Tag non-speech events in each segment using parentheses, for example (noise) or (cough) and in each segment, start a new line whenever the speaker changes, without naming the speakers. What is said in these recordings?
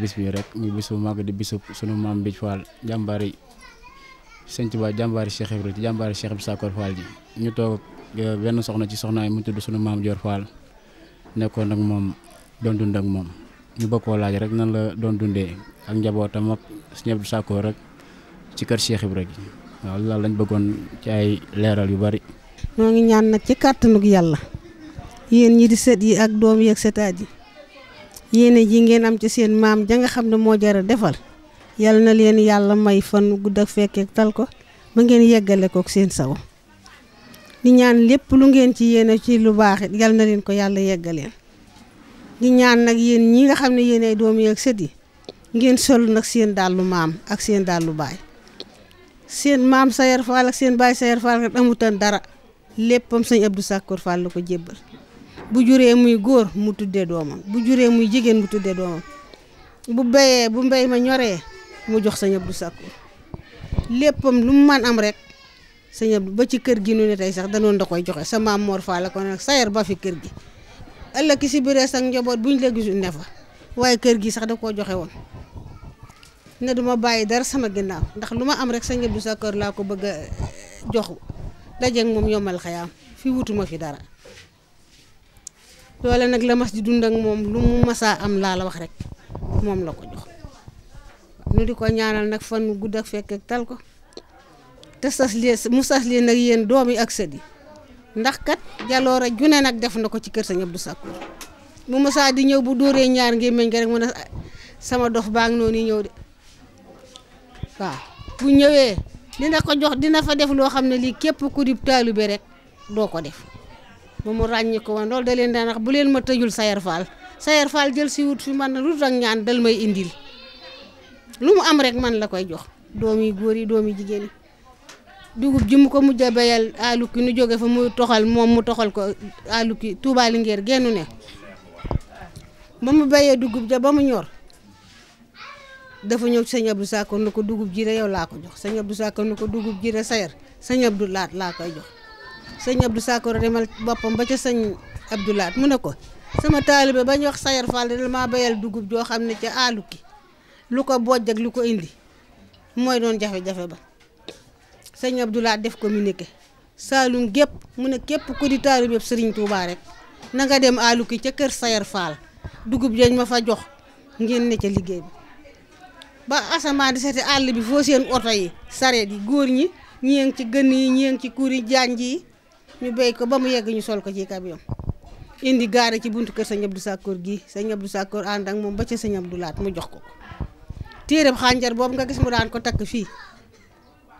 bis bi rek muy bis bu màgg di bisu sunu maam Mbij Fall jàmbaari sëñ Tuubaa jàmbaari Cheikh Ibrahima ci jàmbaari Cheikh Ibra Sakor ji ñu toog euh, benn soxna ci soxnaay mu tudd sunu maam Dior Fall nekkoon ak moom doon dund ak moom ñu bokkoo laaj rek nan la doon dundee ak njabootam ak sëñ Abdou rek ci kër Cheikh Ibrahima ji waaw loolu lañ bëggoon ci ay leeral yu bari.
ñoo ngi ñaan nag ci kàttanug yàlla yéen ñi di sët yi ak doom yi ak yéene ji ngeen am ca seen maam ja nga xam ne moo jara defal yal na leen yàlla may fan gudd ak fekkee tal ko ba ngeen yeggale kook seen saw di ñaan lépp lu ngeen ci yéene ci lu baax it yal na leen ko yàlla yeggaleen di ñaan nag yéen ñi nga xam ne yéen ay doom yi ak sët yi ngeen sol nag seen dàllu maam ak seen lu baay seen maam sa Fall ak seen baay Saér Fall kat amutan dara léppam sëñ Abdou Sakkour Fall la ko jébbal bu juree muy góor mu tuddee doomam bu juree muy jigéen mu tuddee doomam bu béyee bu mbéy ma ñoree mu jox sëñ Abdou Sakkour léppam lu mu mën am rek sëñ Abdou ba ci kër gi nu ne tey sax danoon da koy joxe sa maam Mor Fall la ko nag sayer ba fi kër gi ëllëg si biir sax njaboot buñ la gisul ne fa waaye kër gi sax da koo joxe woon ne duma bàyyi dara sama ginnaaw ndax lu ma am rek sëñ Abdou Sakkour laa ko bëgg eh, jox dajeeg moom yombal xayaam fi wutuma fi dara. loola nag la mas di dund ak moom lu mu masaa am laa la wax rek moom la ko jox nu di ko ñaanal nag fan wu gudd ak fekk ak tal ko te sas lee mu sas leen nag yéen doom yi ak sët yi ndax kat jaloora june nag def na ko ci kër sa Sëñ Abdou Sakkour mu masaa di ñëw bu dóoree ñaar ngeen ga rek mën a ah, sama dof baa ngi noonu ñëw de waaw bu ñëwee dina ko jox dina fa def loo xam ne lii képp ku di taalibe rek doo ko def. ba mu ràññi ko woon loolu da leen daan bu leen ma tëjul Sayer Fall Sayer Fall jël si wut fi man na rut ak ñaan dal may indil lu mu am rek man la koy jox doomi góor yi doomi jigéen dugub ji mu ko mujj a béyal aluki nu joge fa mu toxal moom mu toxal ko aluki Touba Linguère gennu ne ba mu béyee dugub ja ba mu ñor dafa ñëw sëñ Abdou Sakko nu ko dugub ji de laa ko jox sëñ Abdou Sakko nu ko dugub ji de Sayer sëñ Abdou Laat laa koy jox sëñ Abdou Sakor demal boppam ba ca sëñ Abdou mu ne ko sama taalibe bañ wax Sayar Fall dina maa dugub joo xam ne ca aaluki lu ko bojj ak ko indi mooy doon jafe-jafe ba sëñ Abdou Lahat def communiqué Saalum gépp mu ne képp ku di taalibe Sëriñ Tuubaa rek na nga dem aaluki ca kër Sayar Fall dugub jañ ma fa jox ngeen ne ca liggéey bi ba asamaan di seeti àll bi foo seen oto yi sareet yi góor ñi ñii ngi ci gën yi ñii ci kuuri janj yi ñu béy ko ba mu yegg ñu sol ko ci camion indi gaare ci buntu kër sëñ Abdou gi gii sëñ Abdou Sakkoor ànd ak moom ba ca sëñ du Laat mu jox ko ko téere xànjar boobu nga gis mu daan ko takk fii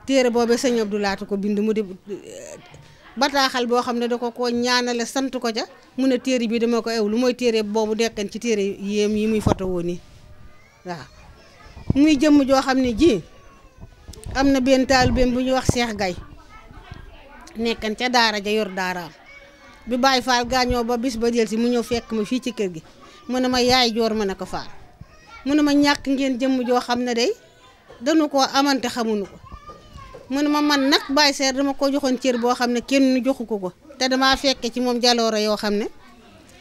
téere boobee sëñ du Laat ko bind mu di bataaxal boo xam ne da ko ko ñaanale sant ko ca mu ne téere bi dama ko ew lu mooy téere boobu deqen ci téere yéem yi muy foto woon nii waaw muy jëmm joo xam ne ji am na benn taalibeem bu ñuy wax Seex Gay nekkan ca daara ja yor daaraam bi Baye Fall gaañoo ba bis ba del si mu ñëw fekk ma fii ci kër gi mu ne ma yaay joor ma ne ko Fall mu ne ma ñàkk ngeen jëmm joo xam ne day danu ko amante xamuñu ko mu ne ma man nag Baye Seer dama ko joxoon cër boo xam ne kenn joxu ko ko te damaa fekke ci moom jalooro yoo xam ne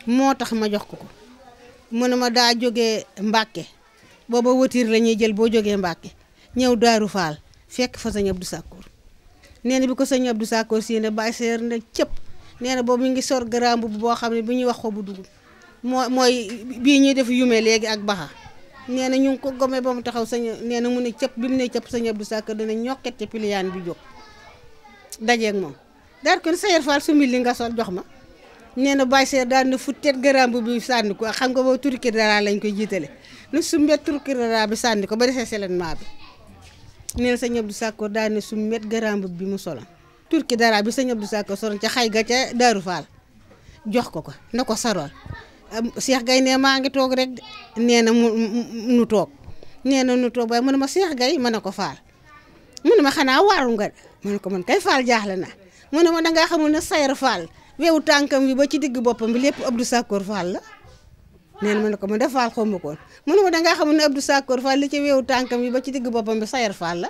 moo tax ma jox ko ko mu ne ma daa jóge Mbàkke booba wëtiir la jël boo jógee Mbàkke ñëw Daaru Fall fekk fa sëñ Abdou Sakkour nee na bi ko sëñ Abdou Sakkoor si ne bàyyi seer na cëpp nee boobu mi ngi sor garaambu bu boo xam ne bi ñuy wax xobu dugub moo mooy bii ñuy def yume léegi ak baxa nee na ñu ngi ko gome ba mu taxaw sëñ nee na mu ne cëpp bi mu ne cëpp sëñ Abdou Sakkoor dana ñoqet ci piliyaan bi jóg dajeeg moom daal kon Sayer Fall su li nga sol jox ma nee na bàyyi seer daal na futteet garaam bu bi sànni ko xam nga boo turki dara lañ koy jiitale nu sumbee turki dara bi sànni ko ba desee selenment bi neen sëñ Abdou Sakkoor daal ne su met garamb bi mu solo turki dara bi sëñ Abdou Sakkoor solo ca xay ga ca Daaru Faal jox ko ko na ko sarool Cheikh gay ne maa ngi toog rek nee na mu nu toog nee na nu toog waaye mu ne ma Cheikh Gaye ma ne ko faal mu ne ma xanaa waaru nga ma ne ko man kay faal jaaxle na mu ne ma dangaa xamul na sayar faal weewu tànkam bi ba ci digg boppam bi lépp Abdou Sakkoor faal la nee na ma ne ko ma def faal xaw ma ko woon mu ne ma dangaa xam ne Abdou Sakkoor Fall li ci weewu tànkam yi ba ci digg boppam bi Sayar Fall la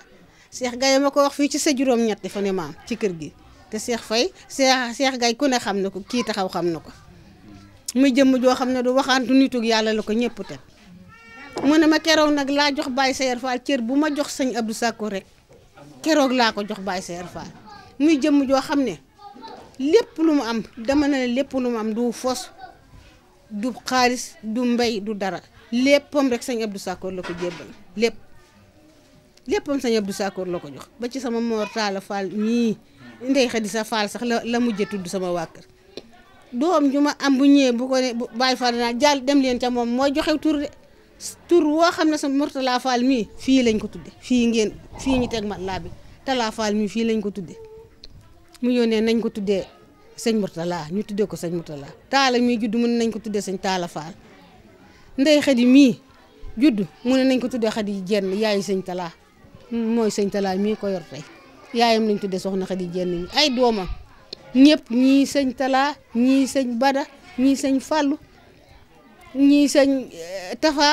Cheikh Gaye ma ko wax fii ci sa juróom-ñetti fa ne maam ci kër gi te Cheikh Faye Cheikh gay ko ne xam na ko kii taxaw xam na ko muy jëmm joo xam ne du waxaantu nitug yàlla la ko ñëpp teg mu ne ma keroog nag laa jox Baye Sayar Fall bu ma jox sëñ Abdou Sakkoor rek keroog laa ko jox Baye Sayar muy jëmm joo xam ne lépp lu mu am dama ne lépp lu mu am du fos du xaalis du mbay du dara léppam rek sëñ du Sakkoor la ko jébbal lépp léppam sëñ Abdou Sakkoor la ko jox ba ci sama Mor Talla Fall ñii ndey Xadi sa Fall sax la la mujjee tudd sama waa kër doom ju ma am bu ñëwee bu ko ne Baye Fall naa jàll dem leen ca moom mooy joxe tur de tur woo xam ne sa Mor Talla Fall mii fii lañ ko tudde fii ngeen fii ñu teg mat laa bi Talla Fall mii fii lañ ko tudde mu yónnee nañ ko tuddee sëñ Mourtala ñu tuddee ko sëñ Mourtala taala mii judd mu ne nañ ko tuddee sëñ Taala Faal ndey xadi mii juddu mu ne nañ ko tuddee xadi jenn yaayu sëñ Tala mooy sëñ Tala mii ko yor tey yaayam lañ tuddee soxna xadi jenn ay doomam ñëpp ñii sëñ Tala ñii sëñ Bada ñii sëñ Fàllu ñii sëñ eh, Tafa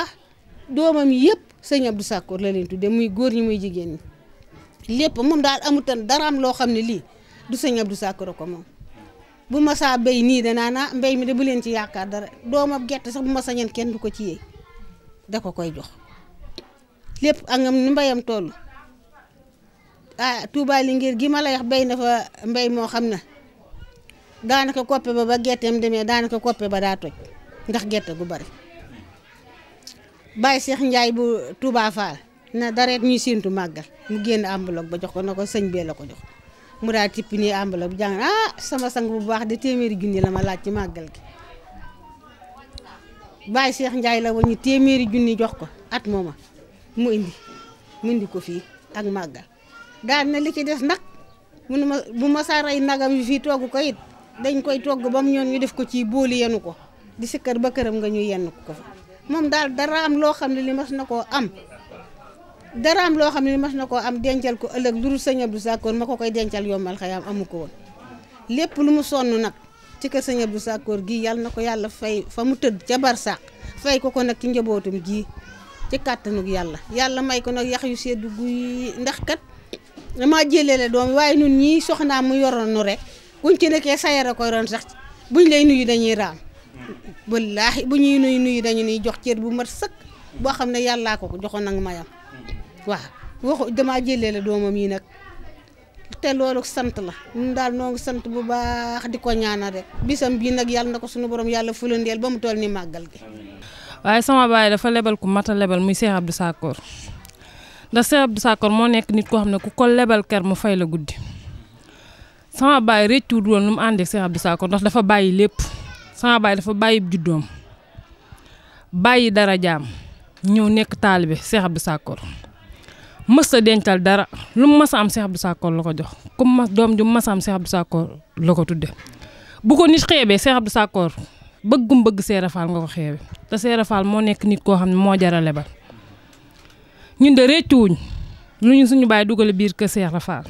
doomam yëpp sëñ Abdou Sakkoor la leen tuddee muy góor ñi muy jigéen moom daal amutan daraam loo xam ne lii du sëñ Abdou Sakkoor ko moom. bu ma saa béy nii de naana mbay mi de bu leen ci yaakaar dara doomam gerte sax bu ma sañeen kenn du ko ci yéey da ko koy jox lépp angam ni mbayam toll ah Touba li ngir gi ma la wax béy na fa mbéy moo xam ne daanaka koppe ba ba gerteem demee daanaka koppe ba daa toj ndax gerte gu bari bay Cheikh Ndiaye bu Touba Fall na dareet ñuy séentu màggal mu génn am bloc ba jox ko na ko sëñ bee la ko jox mu daal di tippi nii enveloppe bu jàng ah sama sang bu baax de téeméeri junni la ma laaj ci màggal gi Baye Cheikh njaay la woon téeméeri junni jox ko at mooma mu indi mu indi ko fii ak màggal daal na li ci des nag munu ma bu ma saa rey nagam yu fii togg ko it dañ koy togg ba mu ñoon ñu def ko ci booli yenu ko di si kër ba këram nga ñu yenn ko fa moom daal dara am loo xam ne li mas na koo am. dara am loo xam ne ni mas na koo am dencal ko ëllëg lu dul sëñ Abdou Sakkoor ma ko koy dencal yombal xëy amu ko woon lépp lu mu sonn nag ci kër sëñ Abdou Sakkoor gi yàlla na ko yàlla fay fa mu tëdd ca barsàq fay ko ko nag ci njabootum gii ci kàttanug yàlla yàlla may ko nag yax yu seddu guy ndax kat dama jëleele doom waaye nun ñii soxnaa mu yoroon nu rek kuñ ci nekkee sayara koy roon sax buñ lay nuyu dañuy raam wallaahi bu ñuy nuyu nuyu dañu nuy jox cër bu mat sëkk boo xam ne yàllaa ko ko joxoon nag mayam waaw waxu damaa jëlee la doomam yi nag te loolu sant la ñun daal noo sant bu baax di ko ñaanal rek bisam bii nag yàlla na ko suñu boroom yàlla fulandeel ba mu toll ni màggal gi.
waaye sama baay dafa lebal ku mat lebal muy Cheikh Abdou Sakor ndax Cheikh Abdou Sakor moo nekk nit ko xam ne ku ko lebal ker mu fay la guddi sama baay rëccuwul woon mu ànd ak Cheikh Abdou ndax dafa bàyyi lépp sama dafa bàyyi juddoom bàyyi dara jaam ñëw nekk taalibe Cheikh Abdou Sakor. mësta a dencal dara lu mu mës a am Cheikh Abdou Sakor la ko jox ku mu mas doom ju mu mës a am Cheikh Abdou Sakor la tudde bu ko nit xeebee Cheikh Abdou Sakor bëggum bëgg Seera Fall nga ko xeebe te Seera Fall moo nekk nit koo xam ne moo jarale ba ñun de réccuwuñ lu ñu suñu bàyyi dugale biir kër Seera Fall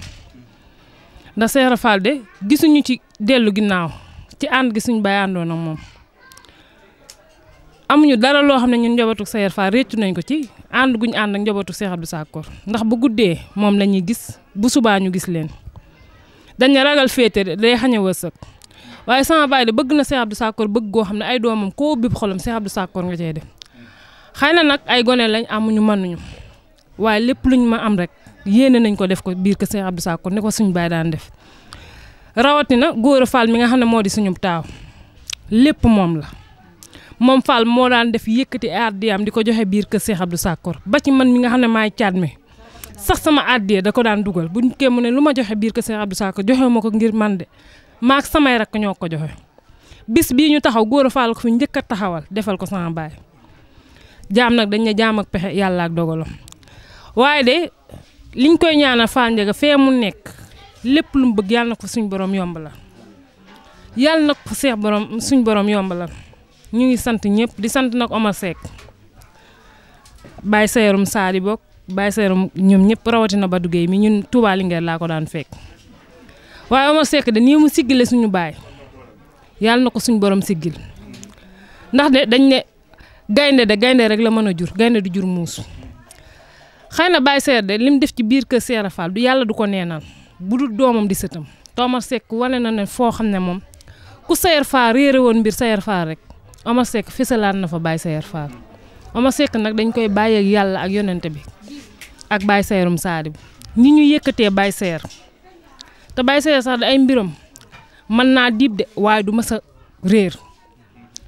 ndax Seera Fall de gisuñu ci dellu ginnaaw ci ànd gi suñu bàyyi àndoon moom. amuñu dara loo xam ne ñun njabootu Saér Fall réccu nañ ko ci ànd ànd njabootu Cheikh Abdou Sakor ndax ba guddee moom la ñuy gis bu subaa ñu gis leen dañu ragal féete day xañ waaye sama baay bëgg na Cheikh Abdou bëgg goo xam ne ay doomam koo bib xolam Cheikh Abdou Sakor nga cey def xëy na nag ay gone lañ amuñu mënuñu waaye lépp luñ ma am rek yéene nañ ko def ko biir ko Cheikh Abdou Sakor ne ko suñu baay daan def rawatina góor a mi nga xam ne moo di suñub taaw lépp moom la. moom Fall moo daan def yëkkati àddiyaam di ko joxe biir kër Cheikh Abdou Sakor ba ci man mi nga xam ne maay caat mi sax sama àddiya da ko daan dugal bu ñu kee mu ne lu ma joxe biir kër Cheikh Abdou joxe ma ko ngir man de maa ak samay ko joxe. bis bii ñu taxaw góor ko fi njëkk a taxawal defal ko sama baay jaam nag dañ ne ak pexe yàlla ak dogalam waaye de liñ koy ñaanal Fall Ndiaga mu nekk lépp lu bëgg yàlla na ko suñ borom yombalal yàlla na ko seex borom suñ borom yomb la ñu ngi sant ñëpp di sant nag Omar Seck Baye Seyerum Saali bokk baay Seyerum ñoom ñëpp rawatina Badou Gueye mi ñun Touba laa ko daan fekk waaye Omar Seck de nii mu siggile suñu baay yàlla na ko suñu borom siggil ndax de dañ ne gaynde de gaynde rek la mën a jur gaynde du jur muus xëy na baay Seyer de lim def ci biir kër Seera Fall du yàlla du ko neenal bu dul doomam di sëtam Omar Seck wane na ne foo xam ne moom ku Seyer Fall réere woon mbir Seyer Fall rek. Omar Seck fisalaat na fa Baye Sayer Fall Omar nag dañ koy bàyyi yàlla ak yonente bi ak Baye Sayerum Saadi bi ñi ñu yëkkatee Baye Sayer te Baye Sayer sax da ay mbiram mën naa diib de waaye du mas a réer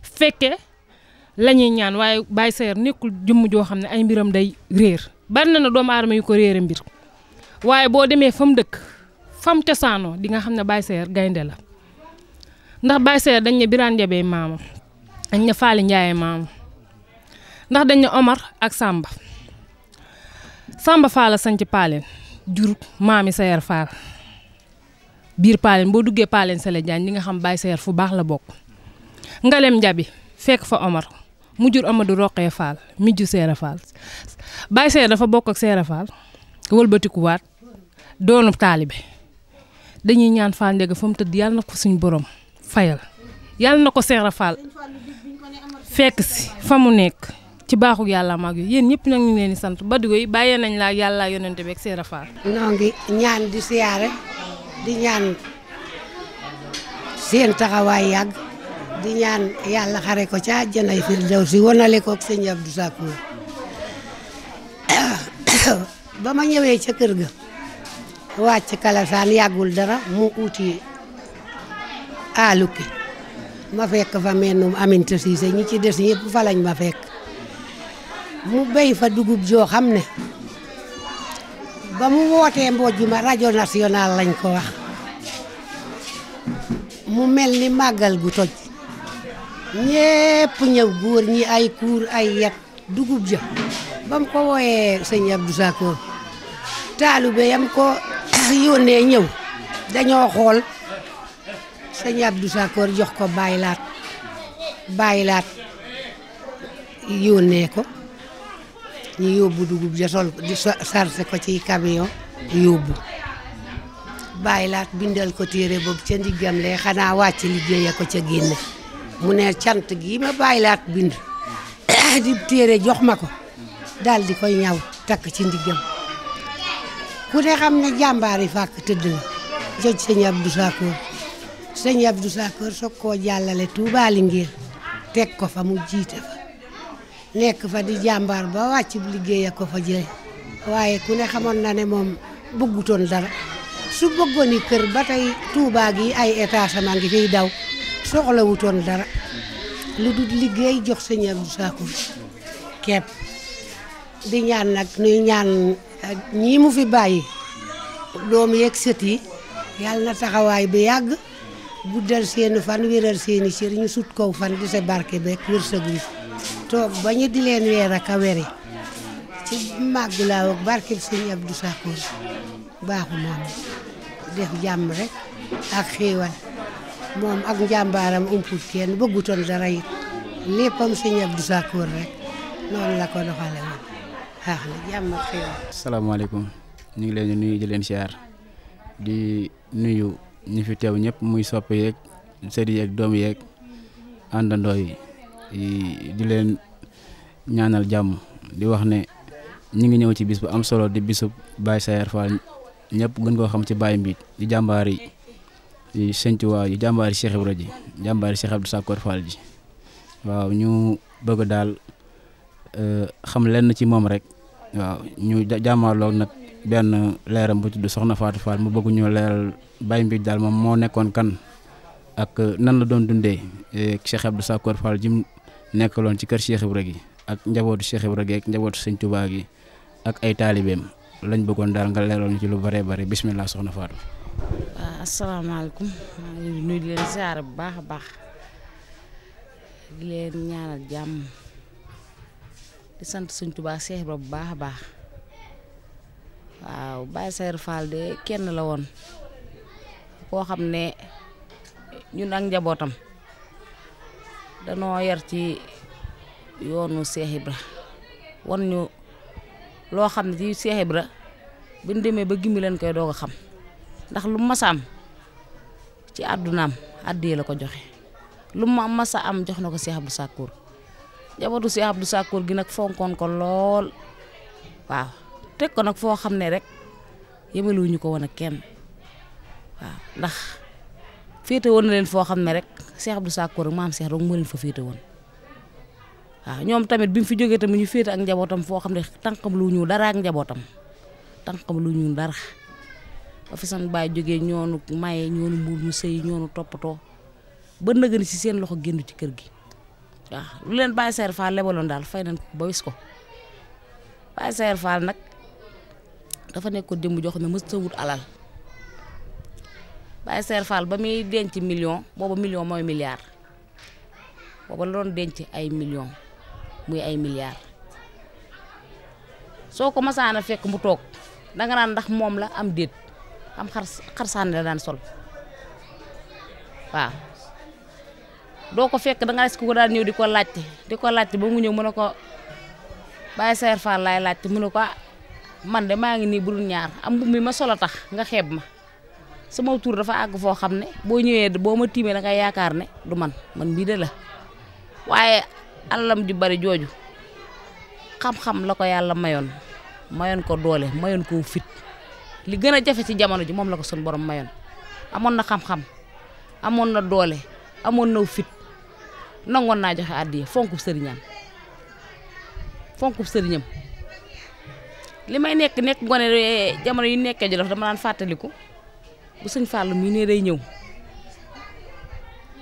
fekke la ñuy ñaan waaye Baye Sayer nekkul jëmm joo xam ne ay mbiram day réer bari na na doomu aadama yu ko réere mbir waaye boo demee fa mu dëkk fam cosaanoo di nga xam ne Baye Sayer gaynde la ndax Baye Sayer dañ ne Birane Ndiaye maamam dañ ne Faly Ndiaye maam ndax dañ Omar ak Samba Samba Fall la sanc Paalen jur maami Sayer Fall biir Paalen boo duggee Paalen Sele Diagne li nga xam Baye Sayer fu baax la bokk Ngalem Njabi fekk fa Omar mu jur Amadou Roqee Fall mi ju Sayer Fall Baye Sayer dafa bokk ak Sayer Fall wëlbatikuwaat doonu taalibe dañuy ñaan Fall Ndiaga fa tëdd yàlla na ko suñu borom fayal yàlla na ko Sayer Fall fekk si fa mu nekk ci baaxu yàlla mag yi yéen ñëpp nag ñu leen sant ba yi bàyyee nañ laa yàlla yonente bi ak Sëriñ Faal. ñaan
di siyaare di ñaan seen taxawaay yàgg di ñaan yàlla xare ko ca àjjanay firdawsi wonale ko ak sëñ Abdou Sakkour (coughs) ba ma ñëwee ca kër ga wàcc kalasaan yàggul dara mu uuti aaluki ma fekk fa mennum Aminta Siise ñi ci des ñëpp fa lañ ma fekk mu béy fa dugub joo xam ne ba mu wootee mbojj ma rajo national lañ ko wax mu mel ni màggal gu toj ñépp ñëw góor ñi ay kuur ay yat dugub ja ba mu ko wooyee sëñ Abdou Sakor taalube yam ko (coughs) yónnee ñëw dañoo xool sëñ Abdou Sakor jox ko baylaat laat bàyyi ko ñu yóbbu dugub ja sol di sarse ko ci camion yóbbu bàyyi laat bindal ko téere boobu ca ndiggam lee xanaa wàcc liggéeya ko ca génne mu ne cant gi ma bàyyi bind (coughs) di téere jox ma ko daal di koy ñaw takk ci ndiggam ku ne xam ne jàmbaari fàkk tëdd na joj sëñ Abdou Sakor sëñ Abdou Sakor soog koo jàllale Touba Linguère teg ko fa mu jiite fa nekk fa di jàmbaar ba wàcc liggéey a ko fa jële waaye ku ne xamoon na ne moom bëggutoon dara su bëggoon i kër ba tey Touba gi ay état sama ngi fiy daw soxlawutoon dara lu dul liggéey jox sëñ Abdou Sakor kepp di ñaan nag nuy ñaan ñii mu fi bàyyi doom yeeg sët yi yàlla na taxawaay bi yàgg guddal seeni fan wéral seeni cër ñu sut kow fan di sa barke beeg wërsëg wi toog ba ñu di weer ak a were ci màgg laa ak barke bi sëñ Abdou Sakkoor baaxu moom def jàmm rek ak xéewal moom ak njàmbaaram umput kenn bëggutoon dara it léppam sëñ Abdou Sakkoor rek noonu la ko doxale ak xéewal.
asalaamaaleykum ñu ngi leen di nuyu di leen siyaar di nuyu. ñi fi teew ñëpp muy soppe yeeg sëriñ yeeg doom yeeg àndandoo yi di leen ñaanal jàmm di wax ne ñu ngi ñëw ci bis bu am solo di bisu Baye Saér Fall ñëpp gën koo xam ci baay Mbit di jàmbaar yi Sëñ Tuubaa yi jàmbaar yi Cheikh Ibra ji jàmbaar yi Cheikh Abdou Sakor ji waaw ñu bëgg daal euh, xam lenn ci moom rek waaw ñu jàmmaarloog nag benn leeram bu tudd Soxna Fatou Fall mu bëgg ñu leeral Baye Mbith daal moom moo nekkoon kan ak nan la doon dundee eh, Cheikh Abdou Sakor Fall ji mu nekkaloon ci kër Cheikh Ibra gi ak njabootu Cheikh Ibra gi ak njabootu Sëñ Touba yi ak ay taalibeem lañ bëggoon daal ci lu bare bare bismillah soxna Fatou.
waaw asalaamaaleykum maa ngi nuyu leen ziar bu baax a baax di leen ñaanal jàmm di sant Sëñ Touba Cheikh Ibra bu baax a baax waaw Baye Sayer Fall de kenn la woon. koo xam ne ñu ak njabootam danoo yar ci yoonu Cheikh Ibra wan ñu loo xam ne ci Cheikh Ibra bi ñu demee ba gimmi leen koy doog a xam ndax lu masa ci àddunaam àddi la ko joxe lu ma masa am jox na ko Cheikh Abdou Sakkour njabootu Cheikh Abdou Sakkour gi nag fonkoon ko lool waaw teg ko nag foo xam ne rek yemale wu ñu ko woon ak kenn waaw ndax féete woon na leen foo xam ne rek Cheikh Abdou Sakkour maam Cheikh rek moo leen fa féete woon waaw ñoom tamit bi mu fi jógee tamit ñu féete ak njabootam foo xam ne tànqam lu ñuul dara ak njabootam tànqam lu ñuul dara ba fi sama baay jógee ñoonu maye ñoonu mbuur mu sëy ñoonu toppatoo ba nëgën si seen loxo génn ci kër gi waaw lu leen Baye Seer Fall lebaloon daal fay nañ ko ba wis ko Baye Seer Fall nag dafa nekk ko démb jox ne mës wut alal Baye Seer Fall ba muy denc million booba million mooy milliard booba la doon denc ay million muy ay milliard soo ko masaana fekk mu toog danga naan ndax moom la am déet am xar la daan sol waaw doo ko fekk danga si ko daan ñëw di ko laajte di ko laajte ba mu ñëw mu ne ko Baye Seer Fall laay laajte mu ne ko ah, man de maa ngi nii bu dul ñaar am mbubb mi ma solo tax nga xeeb ma sama tuur dafa àgg foo xam ne boo ñëwee boo ma tiimee da nga yaakaar ne du man man mii de la waaye alalam ju bari jooju xam-xam la ko yàlla mayoon mayoon ko doole mayoon ko fit li gën a jafe ci jamono ji moom la ko sun borom mayoon amoon na xam-xam amoon na doole amoon na fit nangoon naa joxe àddiya fonkub sëriñam fonkub sëriñam li may nekk nekk gone eh, jamono yu nekkee Jolof dama daan ko bu sëñ Fallou mii nee day ñëw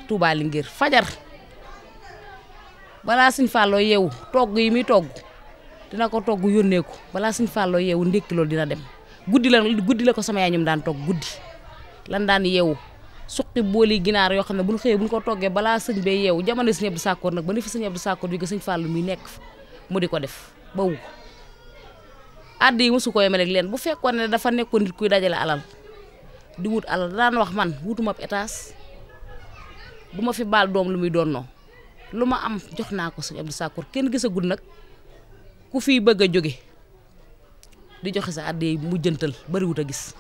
Touba li ngir fajar balaa sëñ Fallou yeewu togg yi muy togg dina ko togg yónnee balaa sëñ Fallou yeewu ndékki loolu dina dem guddi la guddi la ko sama yaay ñum daan togg guddi lan daan yeewu suqi booli ginaar yoo xam ne bu ñu xëyee bu ñu ko toggee balaa sëñ bee yeewu jamono sëñ Abdou Sakkoor nag ba ni fi sëñ Abdou Sakkoor bi nga sëñ Fallou mi nekk fa mu di ko def ba wu ko àdd yi mosu ko yemale leen bu fekkoon ne dafa nekkoon nit kuy dajale alal di wut alal daan wax man wutuma ab étage du ma fi baal doom lu muy doon noo lu ma am jox naa ko sëñ Abdou Sakkour kenn gisagul nag ku fii bëgg a jóge di joxe sa àddee mu jëntal bariwut a gis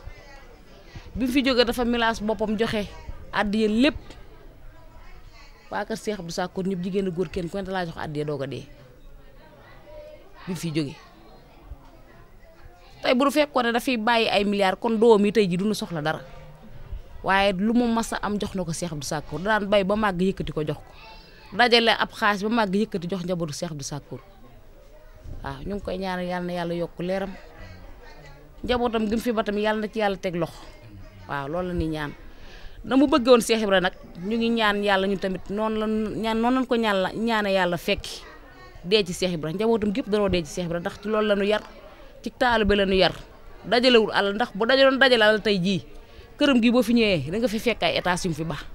bi mu fi jógee dafa milaas boppam joxe àddee lépp waa kër Cheikh Abdou Sakkour ñëpp jigéen góor kenn ku ne laa jox àddee doog a dee bi mu fi jóge tey bu fekkoon ne dafay bàyyi ay milliards kon doom yi tey ji duñu soxla dara waaye lu mu mas a am jox na ko Cheikh Abdou Sakkour daan bay ba màgg yëkkati ko jox ko dajale ab xaalis ba màgg yëkkati jox njabootu Cheikh Abdou Sakkour waaw ñu ngi koy ñaanal yàlla yàlla yokk leeram njabootam gi fi ba tam yàlla na ci yàlla teg loxo waaw loolu la ñuy ñaan na mu bëggoon Cheikh Ibra nag ñu ngi ñaan yàlla ñu tamit noonu la ñaan noonu lañ ko ñaan la ñaane yàlla fekki dee ci Cheikh Ibra njabootam gépp daroo dee ci Cheikh Ibra ndax ci loolu la ñu yar ci taalibe la ñu yar dajalewul alal ndax bu dajaloon dajale alal tey jii këram gi boo fi ñëwee da nga fi fekk ay états yu fi baax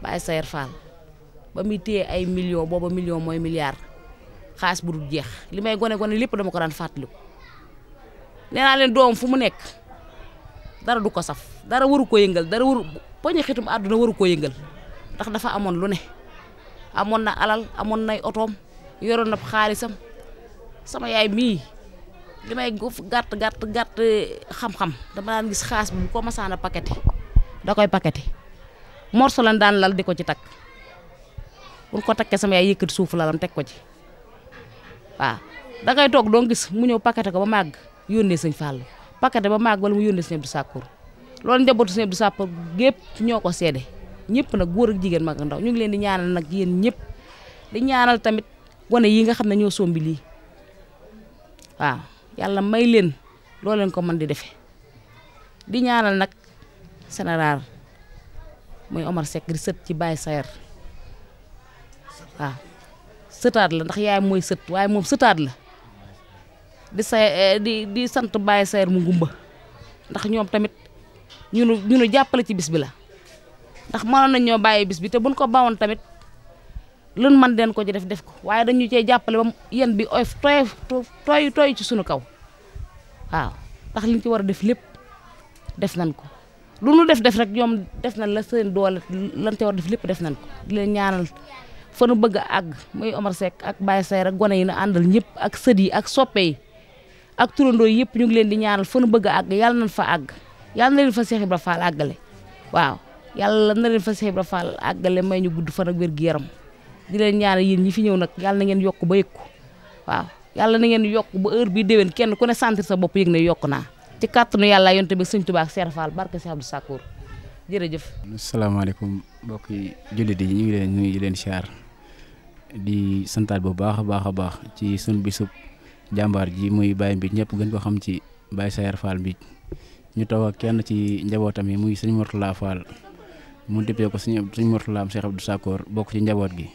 bàyyi sa faal ba muy téye ay million booba million mooy milliard xaalis bu dul jeex li may gone gone lépp dama ko daan fàttaliku nee naa leen doom fu mu nekk dara du ko saf dara waru ko yëngal dara waru poñi xitum àdduna waru ko yëngal ndax dafa amoon lu ne amoon na alal amoon nay otoom yoroon na xaalisam sama yaay mii li may guuf gàtt gàtt gàtt eh, xam-xam dama daan gis xaas bi bu ko masaan a pakete da koy pakete morso lan daan lal di ko ci takk bu ko takkee sama yaay yëkkati suuf lalam teg ko ci waaw dangay toog doo gis mu ñëw pakete ko ba màgg yónnee sëñ Fallou pakete ba màgg wala mu yónnee sëñ Abdou Sakkour loolu njabootu sëñ Abdou Sakkour gépp ñoo ko seede ñëpp nag góor ak jigéen mag ndaw ñu ngi leen di ñaanal nag yéen ñëpp di ñaanal tamit gone yi nga xam ne ñoo sombi lii yàlla may leen loo leen ko mën di defe di ñaanal nag général muy Omar Seck di sët ci Baye Sayer waaw sëtaat la ndax yaay mooy sët waaye moom sëtaat la di say eh, di di sant Baye Sayer mu ngumba ndax ñoom tamit ñunu nu jàppale ci bis bi la ndax mënoon nañ ñoo bàyyi bis bi te buñ ko bawoon tamit lu man den ko ci def def ko waaye dañu cee jàppale ba yen bi oyof tooy tooy tooy ci sunu kaw waaw ndax ci war a def lépp def nañ ko lu mu def def rek ñoom def nañ la seen doole lan te war def lépp def nañ ko di leen ñaanal fa nu bëgg àgg muy Omar Seck ak Baye Sayra ak gone yi nu àndal ñëpp ak sët ak soppe yi ak turandoo yëpp ñu ngi leen di ñaanal fa nu bëgg a àgg yàlla nañ fa àgg yàlla na leen fa Cheikh Ibra àggale waaw yàlla na leen fa Cheikh Ibra Fall àggale may ñu budd fan ak wér-gu-yaram di leen ñaanal yéen ñi fi ñëw nag yàlla na ngeen yokk ba yëg ko waaw yàlla na ngeen yokk ba heure bi déwén kenn ku ne sentir sa bopp yëg ne yokk naa ci kàttanu yàlla yonte bi sëñ Tuubaa ak Seex Faal barke Seex Abdu Sakkoor jërëjëf.
asalaamaaleykum mbokk yi jullit yi ñu ngi leen nuyu leen siyaar di santaat bu baax a baax a baax ci sunu bisub jàmbaar ji muy Baye Mbith ñëpp gën ko xam ci Baye Seex Faal Mbith ñu taw ak kenn ci njabootam yi muy sëñ laa Fall mu dippee ko sëñ Mourtala Seex du sakoor bokk ci njaboot gi.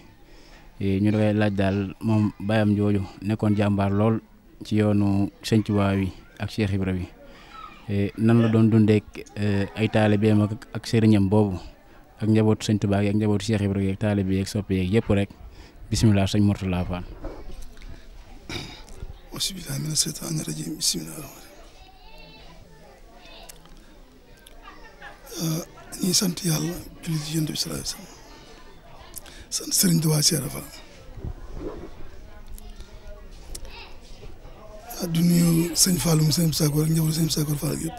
Eh, ñu dafay laaj daal moom baayam jooju nekkoon jàmbaar lool ci yoonu Sëñ Tuubaa wi ak Cheikh Ibra wi eh, nan la doon dundeek eh, ay taalibeem ak ak sëriñam boobu ak njabootu Sëñ Tuubaa ak njabootu Cheikh Ibra ak taalibe yeeg soppe yeeg yëpp rek bisimilah sëñ Mourtala Fall.
bisimilah sant sëriñ Tuubaa Cheikh Rafa ah du nuyu sëñ Fallum sëñ Sakor ak njabootu sëñ Sakor Fall yëpp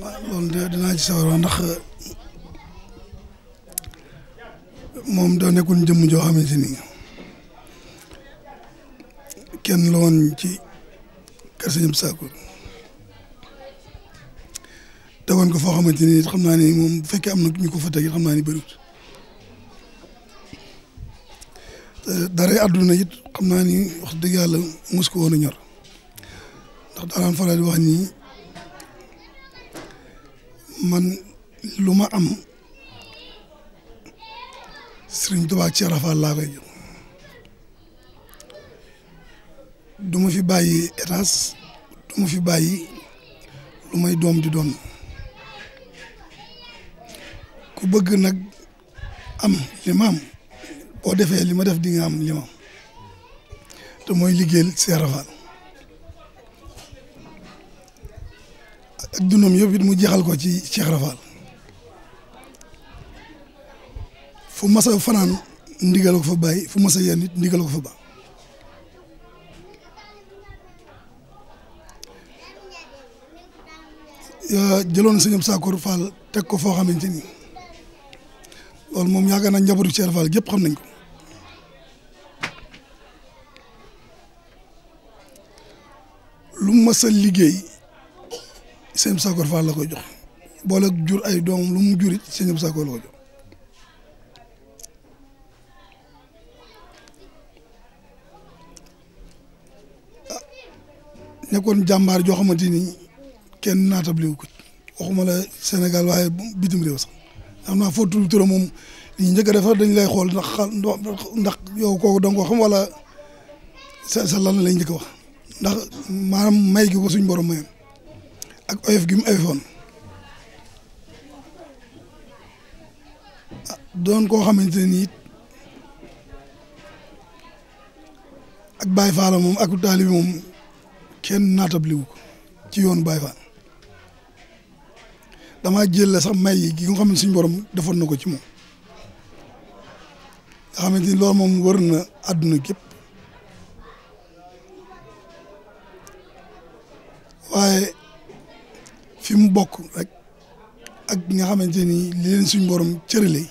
waaw loolu de dinaa ci sawar ndax moom doo nekkul jëmm joo xamante ni kenn la ci kër sëñ Sakor. tegoon ko foo xamante ni xam naa ni moom bu fekkee am na ñu ko fa teg xam naa ni bëriwut dara àdduna it xam naa ni wax dëgg yàlla mos woon a ñor ndax daan faral di wax ni man lu ma am Sëriñ Tuubaa ci Arafaal laa koy jël fi bàyyi étage du fi bàyyi lu may doom di doon ku bëgg nag am li ma am boo defee li ma def di nga am li te mooy liggéeyal Serigne Fall ak dundam yëpp it mu jeexal ko ci Cheikh fu mas a fanaan ndigal ko fa fu mas a yeen it ndigal ko fa ba jëloon sëñam Sakor Fall teg ko foo xamante ni loolu moom yaakaar naa njabootu Cheikh Fall gépp xam nañ ko lu mu mës a liggéey sëñ Sakor Fall la koy jox boole jur ay doom lu mu jur it sëñ Sakor la jox ah nekkoon jàmbaar joo xamante ni kenn naatabliwu ko waxuma la Sénégal waaye bitim réew sax. am naa foo tudd turam moom li ñu defar dañ lay xool ndax ndax yow kooku da nga ko xam wala sa sa lan wax ndax maanaam may gi ko suñ borom mayoon ak oyof gi mu oyofoon ah, doon xamante ne nii ak Baye Fall moom ak taalibi moom kenn naatabliwu ko ci yoonu Baye damaa jël sax may yi gi nga xam ne suñu borom defoon na ko ci moom nga xamante ni loolu moom wër na àdduna gépp waaye fi mu bokk rek ak nga xamante ni li leen suñu borom cërale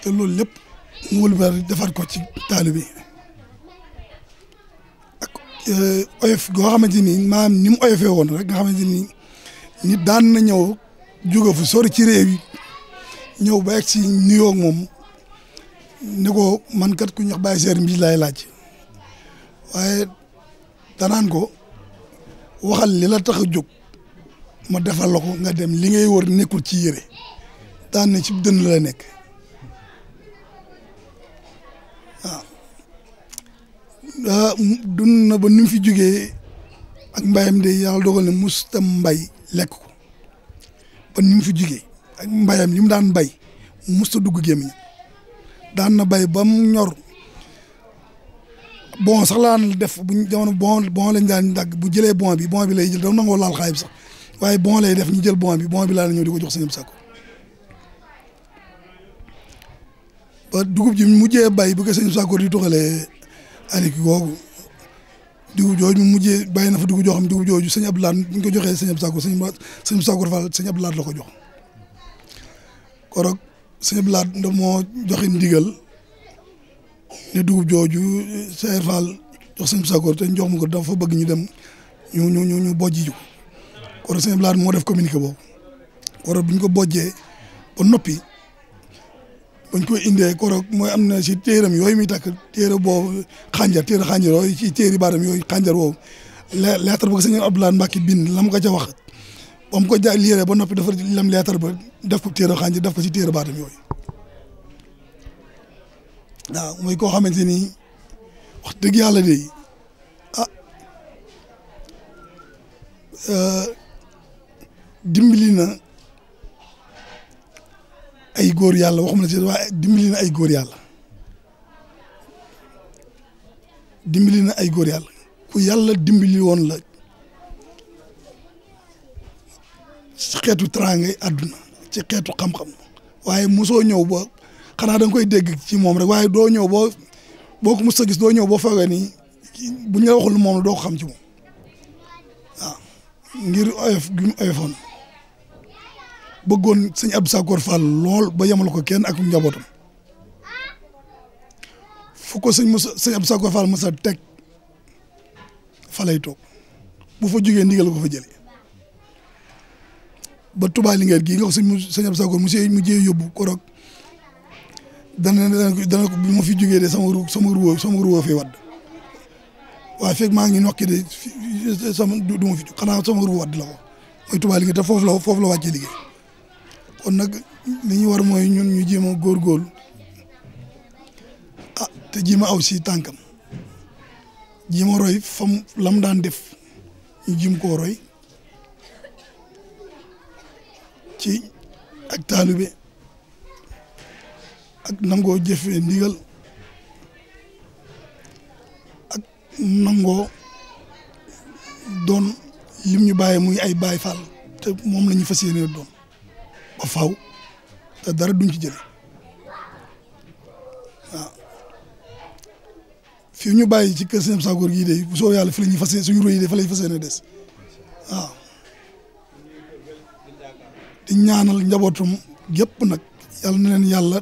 te loolu lépp mu wëlbati defaat ko ci taalibe ak euh, oyof goo xamante ni maanaam ni mu oyofee woon rek nga xamante ni. nit daan na ñëw jóge fu sori ci réew yi ñëw ba egg si nuyoo moom ne ko man kat ku ñax bàyyi seer mbi laay laaj waaye danaan ko waxal li la tax jóg ma defal la ko nga dem li ngay wër nekkul ci yére daan na ci dënn la nekk waaw ah, dund na ba nu mu fi jógee ak mbayam de yàlla dogal ne mustam mbay lekk ko ba ni mu fi jugee ak mbayam li mu daan bay musta dugg gémmiñ daan na bay ba mu ñor bon sax la daan def bu jamono bon bon lañ daan dagg bu jëlee bon bi bon bi lay jël doon nangoo laal xaay bi sax waaye bon lay def ñu jël bon bi bon bi laa la ñëw di ko jox sëñ Sakko ba dugub ji mujjee bay bu ko sëñ Sakko di tuxalee anik googu dugub jooju mu mujje bàyyi na fa dugub joo xam dugub jooju sëñ Abdoulaye bu ñu ko joxee sëñ Abdou Sakkour sëñ Sakkour Fall sëñ Abdoulaye la ko jox korog sëñ Abdoulaye da moo joxe ndigal ne dugub jooju Seer Fall sëñ Sakkour te jox ma ko dafa bëgg ñu dem ñu ñu ñu ñu bojji ji ko korog sëñ moo def communiqué boobu korog biñ ko bojjee ba noppi bañ koy indee koroog mooy am na si téeram yooyu muy takk téere boobu xànjar téere xànjar yooyu ci téeri yooyu xànjar boobu lettre ba ko sëñ Abdoulaye Mbacke bind la mu ko ca wax yere ba noppi dafa lam lettre ba def ko téere xànjar def ko si téere baaram yooyu waaw mooy koo xamante ni wax dëgg yàlla de ah euh, dimbali ay góor yàlla waxuma la si waaye dimbali na ay góor yàlla dimbali na ay góor yàlla ku yàlla dimbali woon la ci xeetu teraangay àdduna ci xeetu xam-xam waaye mosoo ñëw xanaa da koy dégg ci moom rek waaye doo ñëw boo boo ko mos a gis doo ñëw boo foogee nii buñ la waxul moom la doo ko xam ci moom ngir oyof gi ba bëggoon sëñ ab Sakor Fall lool ba yemal ko kenn ak njabootam fu ko sëñ Moussa sëñ Abdou Sakor teg fa lay toog bu fa jógee ndigal ko fa jële ba Touba Linguère gii nga ko sëñ sëñ Abdou Sakor mu see mu jee yóbbu korog dana dana ko ma fi jógee de sama ru sama ruwa sama ruwa fee wadd maa ngi nokki de sama du ma fi xanaa sama ruwa wadd la ko mooy Touba te foofu la foofu la wàccee liggéey. kon nag li ñu war mooy ñun ñu jéem a góorgóorlu ah te jéem aw si tànkam jéem a roy fam lam daan def ñu jim koo roy ci ak taalibe ak nangoo jëfee ndigal ak nangoo doon lim ñu bàyyi muy ay Baay Faal te moom la ñu fas yéene doon ba faw te dara duñ ci jële waaw fii ñu bàyyi ci kër Sëñ Sagoor yi de bu soo yàlla fi la ñuy fas suñu roy yi de fa la ñuy des di ñaanal njabootum gépp nag yàlla na leen yàlla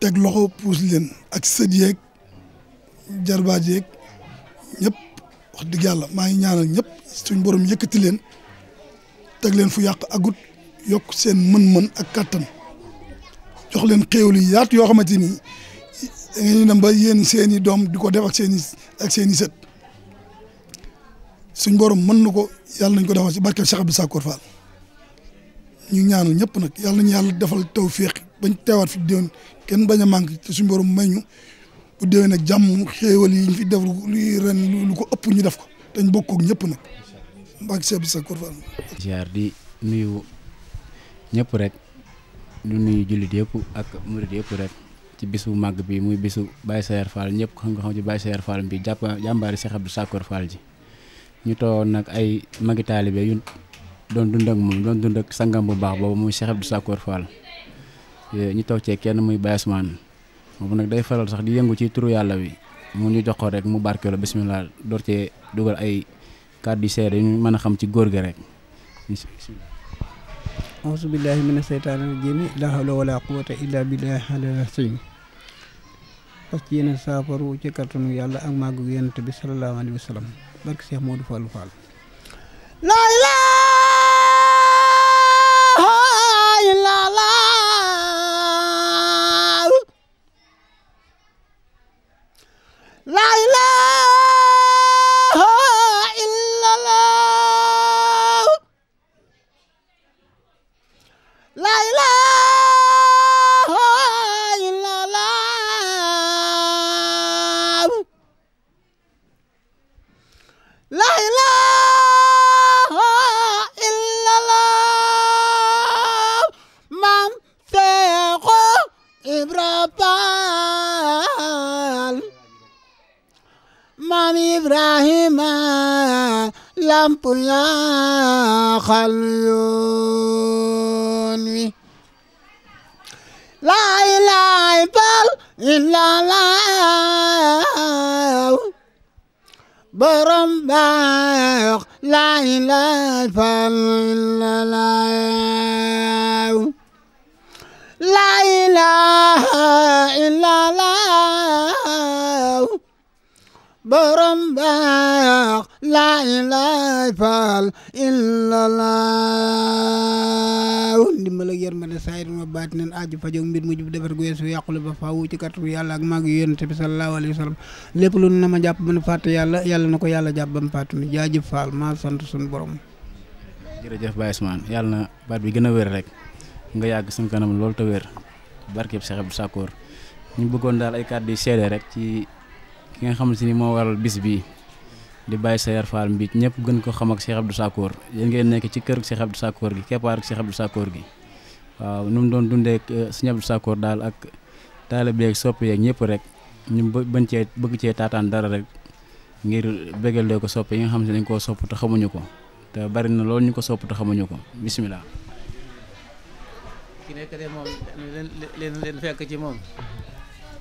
teg loxo puus leen ak sët yeeg jarbaaj yeeg ñëpp wax dëgg yàlla maa ngi ñaanal ñëpp suñ borom yëkkati leen teg leen fu yàq agut yokk seen mën-mën ak kattan jox leen xéewal yu yaatu yoo xamante ni da ngeen dem ba yéen seen doom di ko def ak seen i ak seen i sët suñ borom mën na ko yàlla nañ ko defal ci barkeb Cheikh Abdou Sakkour ñu ñaanal ñëpp nag yàlla nañu yàlla defal tawféex bañ teewaat fi déwén kenn bañ a manqué te suñ borom may ñu bu déwén ak jàmm xéewal yi ñu fi def lu ren lu ko ëpp ñu def ko dañ bokk ñépp ñëpp nag barkeb Cheikh Abdou Sakkour
di nuyu ñëpp rek ñu nuyu jullit yëpp ak murit yëpp rek ci bisu màgg bi muy bisu Baye Sayer Fall ñëpp xam nga xam ci Baye Sayer Fall bi jàpp jàmbaari Cheikh Abdou Sakor Fall ji ñu toogoon nag ay magi yu doon dund ak moom sangam bu baax boobu muy Cheikh Abdou Sakor Fall eh, ñu toog cee kenn muy Baye Ousmane moom nag day faral sax di yëngu ci turu yàlla wi mu ñu jox ko rek mu barkeelu bisimilah door cee dugal ay kàddu seede yu ñu mën a xam ci góor gi rek bisimilah.
auzu billahi mina seytaani rajim la hawla wala quwwata illa billahi alal azim fas ci yéene saafaru ci kàttanu yàlla ak màggu yonent bi sallallahu alayhi wa sallam barke Cheikh Modou Fallou Fall
la ilaha lépp yaa xal yoon illa laaw wax laa ilaaha illallah
ndimbal ak yërmande saayir ma baat neen aaju fajoog mbir mujj bu defar gu yeesu yàqule ba faawu ci kàttu yàlla ak màgg yonent bi sallallahu alayhi wa sallam lépp lu na ma jàpp ba nu fàtte yàlla yàlla na ko yàlla jàpp ba mu fàtte nu jaajëf faal maa sant suñu borom.
jërëjëf Baye Ousmane yàlla na baat bi gën a wér rek nga yàgg suñu kanam loolu te wér barkeeb Cheikh Abdou ñu bëggoon daal ay kàddu yu seede rek ci ki nga xam si ni moo waral bii. di bàyyi Sayar Fall Mbic ñëpp gën ko xam ak Cheikh Abdou Sakkoor yéen ngeen nekk ci kër Cheikh Abdou Sakkoor gi keppaar ak Cheikh Abdou Sakkoor gi waaw nu mu doon dundee eh, Sëñ Abdou Sakkoor daal ak taalibe yeeg soppi yeeg ñëpp rek ñu bañ cee bëgg cee taataan dara rek ngir bégal ko soppi yi nga xam ne dañ koo sopp te xamuñu ko te bari na loolu ñu ko sopp te xamuñu ko bisimilah.
ki nekk moom leen leen fekk ci moom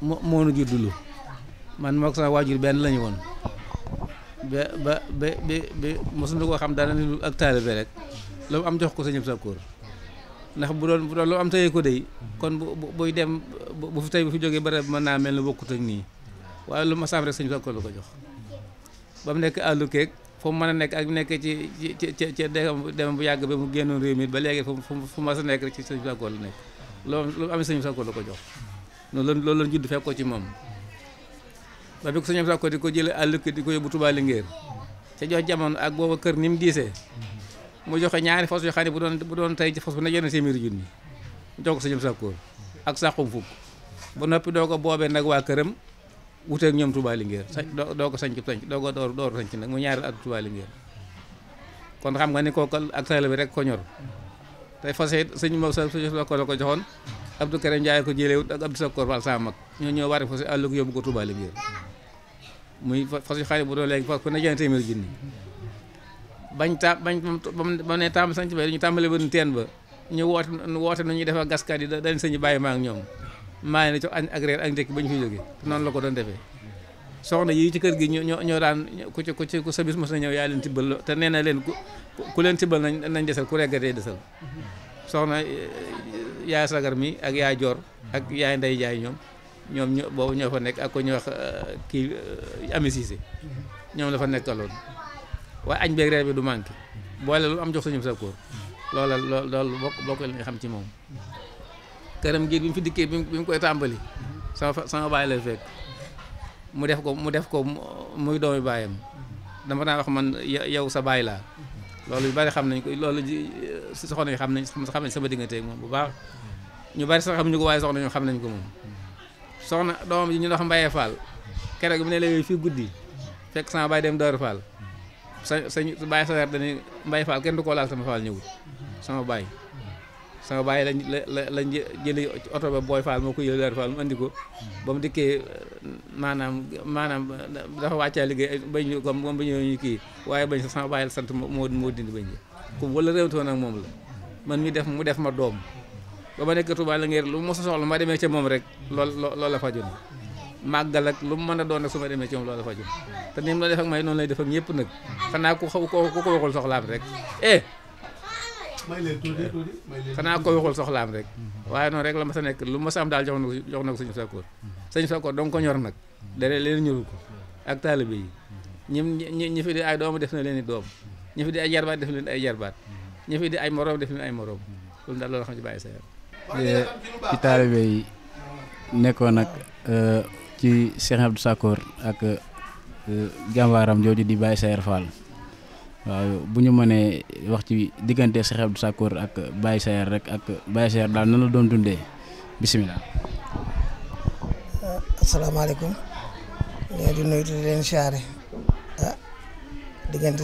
moo nu jur dulu man mook sama waajur benn lañu woon. ba ba ba ba ba mosuñu koo xam daana ni ak taalibe rek lu mu am jox ko sëñëb Sakkoor ndax bu doon bu doon lu am tëye ko dey kon bu buy dem bu fi tey bu fi jógee barab mën naa mel ni bokkut ak nii waaye lu ma saaf rek sëñëb Sakkoor la ko jox ba mu nekk àllu keeg fu mu mën a nekk ak nekk ci ci ci ci dem bu yàgg ba mu génnoon réew mi ba léegi fu mu fu ma sa nekk rek ci sëñëb Sakkoor la nekk loolu lu amee sëñëb Sakkoor la ko jox loolu loolu judd fekk ko ci moom ba bi ko sëñ Abdou di ko jële àll di ko yóbbu Touba Linguère te jox jamono ak booba kër ni mu diisee mu joxe ñaari fas yoo xam bu doon bu doon tey fas bu nekk yenn téeméeri junni jox ko sëñ Abdou ak saxum fukk ba noppi doo ko boobee nag waa këram wuteeg ñoom Touba Linguère sa doo ko sañc sañc doo ko door door sañc nag mu ñaari at Touba Linguère kon xam nga ni kooku ak taalibe bi rek ko ñor tey fas sa sëñ Abdou ko joxoon Abdou Karim Ndiaye ko jëlee ak Abdou Sakor Fall mag ñoo ñoo war a fas àll yóbbu ko Touba muy fas yu xaari bu doon léegi fas ku ne jënd téeméer junni bañ taam bañ ba ne taam sanc bay dañu tàmbale ba teen ba ñu woote woote nu ñuy defa gaskat yi dañ sañu bàyyi maa ak ñoom maa ngi ne jox añ ak reer ak ndekki ba noonu la ko doon defee soxna yii ci kër gi ñoo ñoo daan ku ci ku ci ku sabis mos ñëw yaa leen tibbal te nee na leen ku leen tibbal nañ nañ desal ku reggatee desal soxna eh, eh, yaay sagar mi ak yaay joor ak yaay ndey jaay ñoom ñoom ñoo boobu ñoo fa nekk ak ko ñuy wax euh, kii euh, ami mm-hmm. ñoom la fa nekkaloon waaye añ beeg reer bi du manqué boole lu am jox suñu sa koor loola lool loolu bokk bokk li nga xam ci moom këram gi bi fi dikkee bi mu koy tàmbali mm-hmm. sama sama baay lay mu def ko mu def ko muy doomi baayam dama naa wax man yow sa baay laa mm-hmm. loolu yu bari xam nañ ko loolu soxna yi xam nañ xam nañ sama diggante ak moom bu baax ñu bari sax xam ñu ko waaye soxna ñoo xam nañ ko moom soxna doom ji ñu dox mbayee Fall keroog bi ne la yooyu fii guddi fekk sama baay dem Dóor sa sañ bàyyi sa mbay Fall kenn ko laal sama Fall ñëwul sama baay sama baay lañ la lañ jëli oto ba booy Fall moo ko yële Dóor mu andi ko ba mu dikkee maanaam maanaam dafa wàccee liggéey bañ ñu comme moom ba ñu kii waaye bañ sama baay la sant moo moo dindi bañ ji ku wala réewtoo nag moom la man mi def mu def ma doom. ba ma nekk Touba la ngeen lu ma soxla ma demee ca moom rek lool loolu la fajun màggal ak lu mu mën a doon rek su ma demee ci la fajun te ni mu la def ak may ñëpp nag xanaa ku xaw ko ko waxul soxlaam rek
eh. may leen tuuti
soxlaam rek. waaye noonu rek la ma sa nekk lu ma sa am daal jox na ko jox na ko sëñ Sakkoor sëñ Sakkoor dong ko ñor nag dara leen ñoru ko ak taalibe yi ñim ñi fi di ay doomu def na leen i doom ñi fi di ay jarbaat def leen ay jarbaat ñi fi di ay moroom def na ay moroom loolu daal loolu xam ci bàyyi sa
Eh, ci taalibe yi nekkoon nag eh, ci Cheikh Abdou Sakor ak eh, jàmbaaram jooju di Baye Sayer Fall waaw bu ñu mënee wax ci diggante Cheikh Abdou Sakor ak Baye Sayer rek ak Baye Sayer daal nan la doon dundee bisimilah.
asalaamaaleykum ñoo di nuyu di leen siyaare ah diggante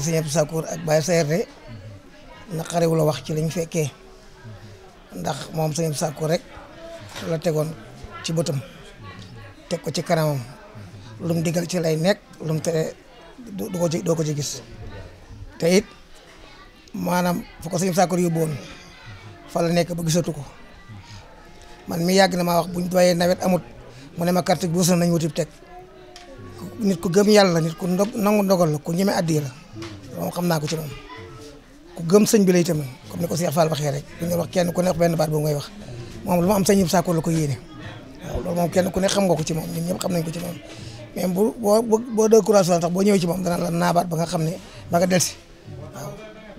la wax ci liñ fekkee. ndax moom sëñ bi sàkku rek la tegoon ci bëtam teg ko ci kanamam lu mu digal ci lay nekk lu mu tere ko ci doo ko ci gis te maanaam fu ko sëñ bi sàkku yóbbuwoon fa la nekk ba gisatu ko man mi yàgg na maa wax bu ñu doyee nawet amut mu ne ma carte bu sonn nañ wutib teg nit ku gëm yàlla nit ku ndog nangu ndogal la ku ñeme addi la moom xam naa ko ci moom ku gëm sëñ bi la itam comme ni ko Cheikh Fall waxee rek duñ wax kenn ku ne wax benn baat boobu ngay wax moom lu ma am sëñ bi saako la ko yéene waaw loolu ku ne xam nga ko ci moom ñun ñëpp xam nañ ko ci moom boo boo dee courage sax boo ñëwee ci moom dana la naabaat ba nga xam ne ba nga delsi waaw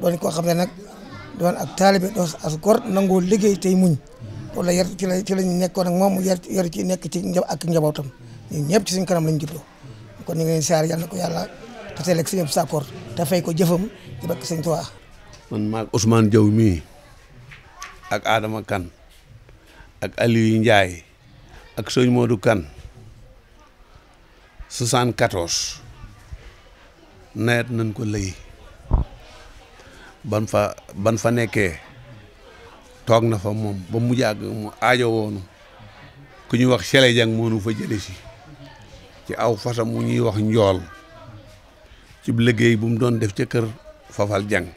doon koo xam ne nag doon ak taalibe doon as gor nangoo liggéey tey muñ loolu la yar ci la ci lañ nekkoon ak moom mu yar yar ci nekk ci ak njabootam ñun ñëpp ci suñ kanam lañ juddoo kon ñu ngi leen siyaar yal na ko yàlla te teel ak sëñ Sakoor te fay ko jëfam ci bakk sëñ Tuubaa
man maag Ousmane Diaw mii ak aadama kan ak Aliou njaay ak sëñ kan Kane 74 nawet nañ ko lay ban fa ban fa nekkee toog na fa moom ba mu jàgg mu aajo woonu ku ñuy wax Sele Jang moonu fa jële si ci aw fasam mu ñuy wax njool ci liggéey bu mu doon def ca kër Fafal Jang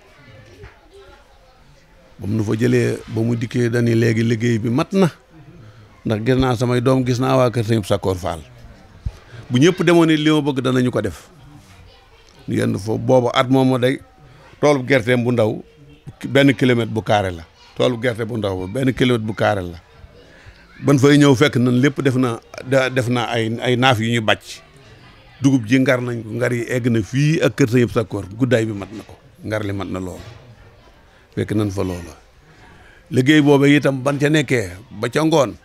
ba nu fa jëlee ba mu dikkee dañuy léegi liggéey bi mat na ndax gis naa samay doom gis naa waa kër Sëñ Sakkoor Fall bu ñëpp demoon ni li ma bëgg danañu ko def ñu yenn foofu boobu at moomu day toolu gerte bu ndaw benn kilomètre bu carré la toolu gerte bu ndaw ba benn kilomètre bu carré la ban fay ñëw fekk nan lépp def na def na ay ay naaf yu ñuy bàcc dugub ji ngar nañ ko ngar yi egg na fii ak kër Sëñ Sakkoor guddaay bi mat na ko ngar li mat na loolu fekk nañ fa loola liggéey boobu itam ban ca nekkee ba ca ngoon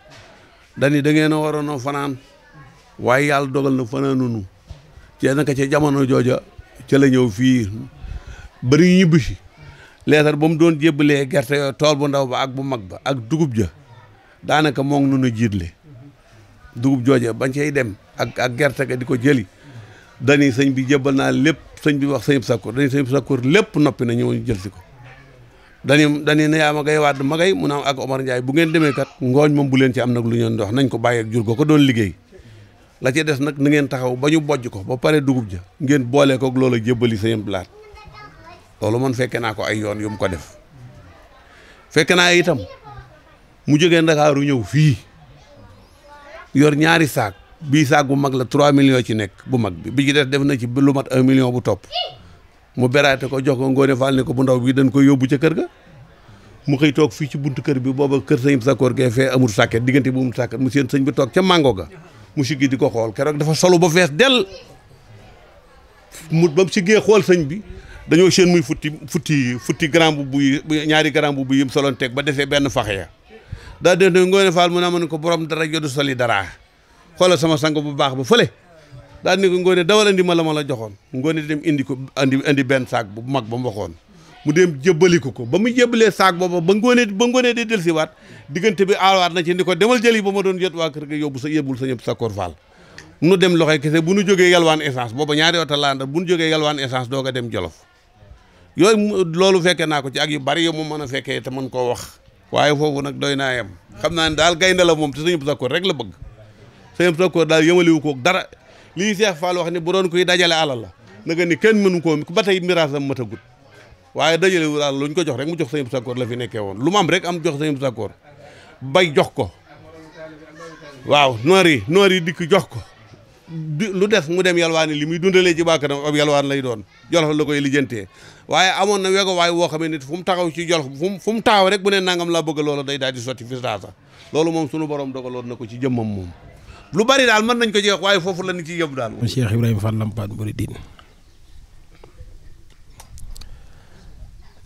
dani da ngeen waroon a fanaan waaye yàlla dogal na nunu ci naka ca jamono jooja ca la ñëw fii bëri ñibbisi si leetar ba mu doon jébbalee gerte yooyu tool bu ndaw ba ak bu mag ba ak dugub ja daanaka moo ngi nu jiitle dugub jooja bañ cay dem ak ak gerte ga di ko jëli dani sëñ bi jébbal naa lépp sëñ bi wax sëñ bi sakkoor dani sëñ bi lépp noppi na ñëw ñu jël si ko dañu dañu ne yaa ma ngay waat ma ngay mu naam ak Omar bu ngeen demee kat ngooñ moom bu leen ci am nag lu ñeen dox nañ ko bàyyi ak jur ko ko doon liggéey la ci des nag na ngeen taxaw ba ñu bojj ko ba pare dugub ja ngeen boolee ko ak loola jébbali sa yëmblaat loolu man fekke naa ko ay yoon yu mu ko def fekke naa itam mu jógee ndakaaru ñëw fii yor ñaari saak bii saak bu mag la 3 millions ci nekk bu mag bi bi ci des def na ci lu mat ay million bu topp mu beraate ko jox ko Ngoné Fall ko bu ndaw bi dañ koy yóbbu ca kër ga mu xëy toog fii ci buntu kër bi booba kër sa koor gee fee amul sàkket diggante bu amul sàkket mu seen sëñ bi toog ca màngo ga mu siggi di ko xool keroog dafa solo ba fees dell mu ba mu siggee xool sëñ bi dañoo seen muy futti futti futti grand bu buy ñaari grand bu buy yëm soloon teg ba defee benn fax ya daa def ne Ngoné Fall mu ne ma ne ko borom dara jodu soli dara xoolal sama sang bu baax ba fële daal ni ko ngoone dawal andi ma la ma la joxoon ngoone dem indi ko andi andi benn saak bu mag ba mu waxoon mu dem jébbali ko ko ba mu jébbalee saak booba ba ngoone ba ngoone dee delsiwaat diggante bi aawaat na ci ni ko demal jëli ba ma doon jot waa kër ga yóbbu sa yóbbul sa ñëpp sa koor faal nu dem loxoy kese bu nu jógee yalwaan essence booba ñaari oto laanda bu nu jógee yalwaan essence doog a dem jolof yooyu loolu fekke naa ko ci ak yu bari yo mu mën a fekkee te mën koo wax waaye foofu nag doy naa yem xam naa ne daal gaynde la moom te sa ñëpp sa koor rek la bëgg sa ñëpp sa koor daal yëmaliwu dara lii Cheikh Fall wax ni bu doon koy dajale alal la na ni kenn mënu koo ba tey miraas a matagul waaye dajale wu daal luñ ko jox rek mu jox sëñ bu sakkoor la fi nekkee woon lu mu am rek am jox sëñ bu bay jox ko waaw noor yi noor yi dikk jox ko lu des mu dem yalwaani li muy dundalee ci bàkkanam ab yalwaan lay doon jolof la koy lijjantee waaye amoon na wego waaye woo xam nit fu mu taxaw ci jolof fu mu taxaw rek bu ne nangam laa bëgg loola day daal di sotti fi saasa loolu moom sunu borom dogaloon na ko ci jëmmam moom lu bari daal mën nañ ko jeex waaye foofu la ñu ciy yóbbu daal. mu Cheikh Ibrahima Fall Lambaat Mourideen.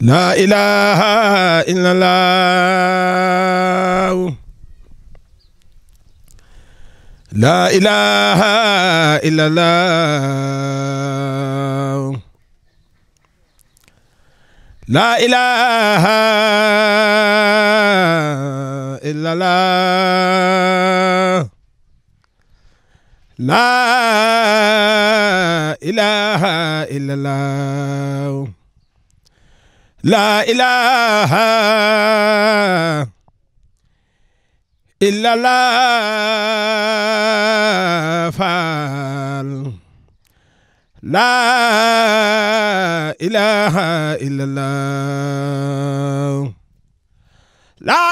laa ilaaha illallaah. laa laa ilaaha illallaah laa ilaaha illallaah faal laa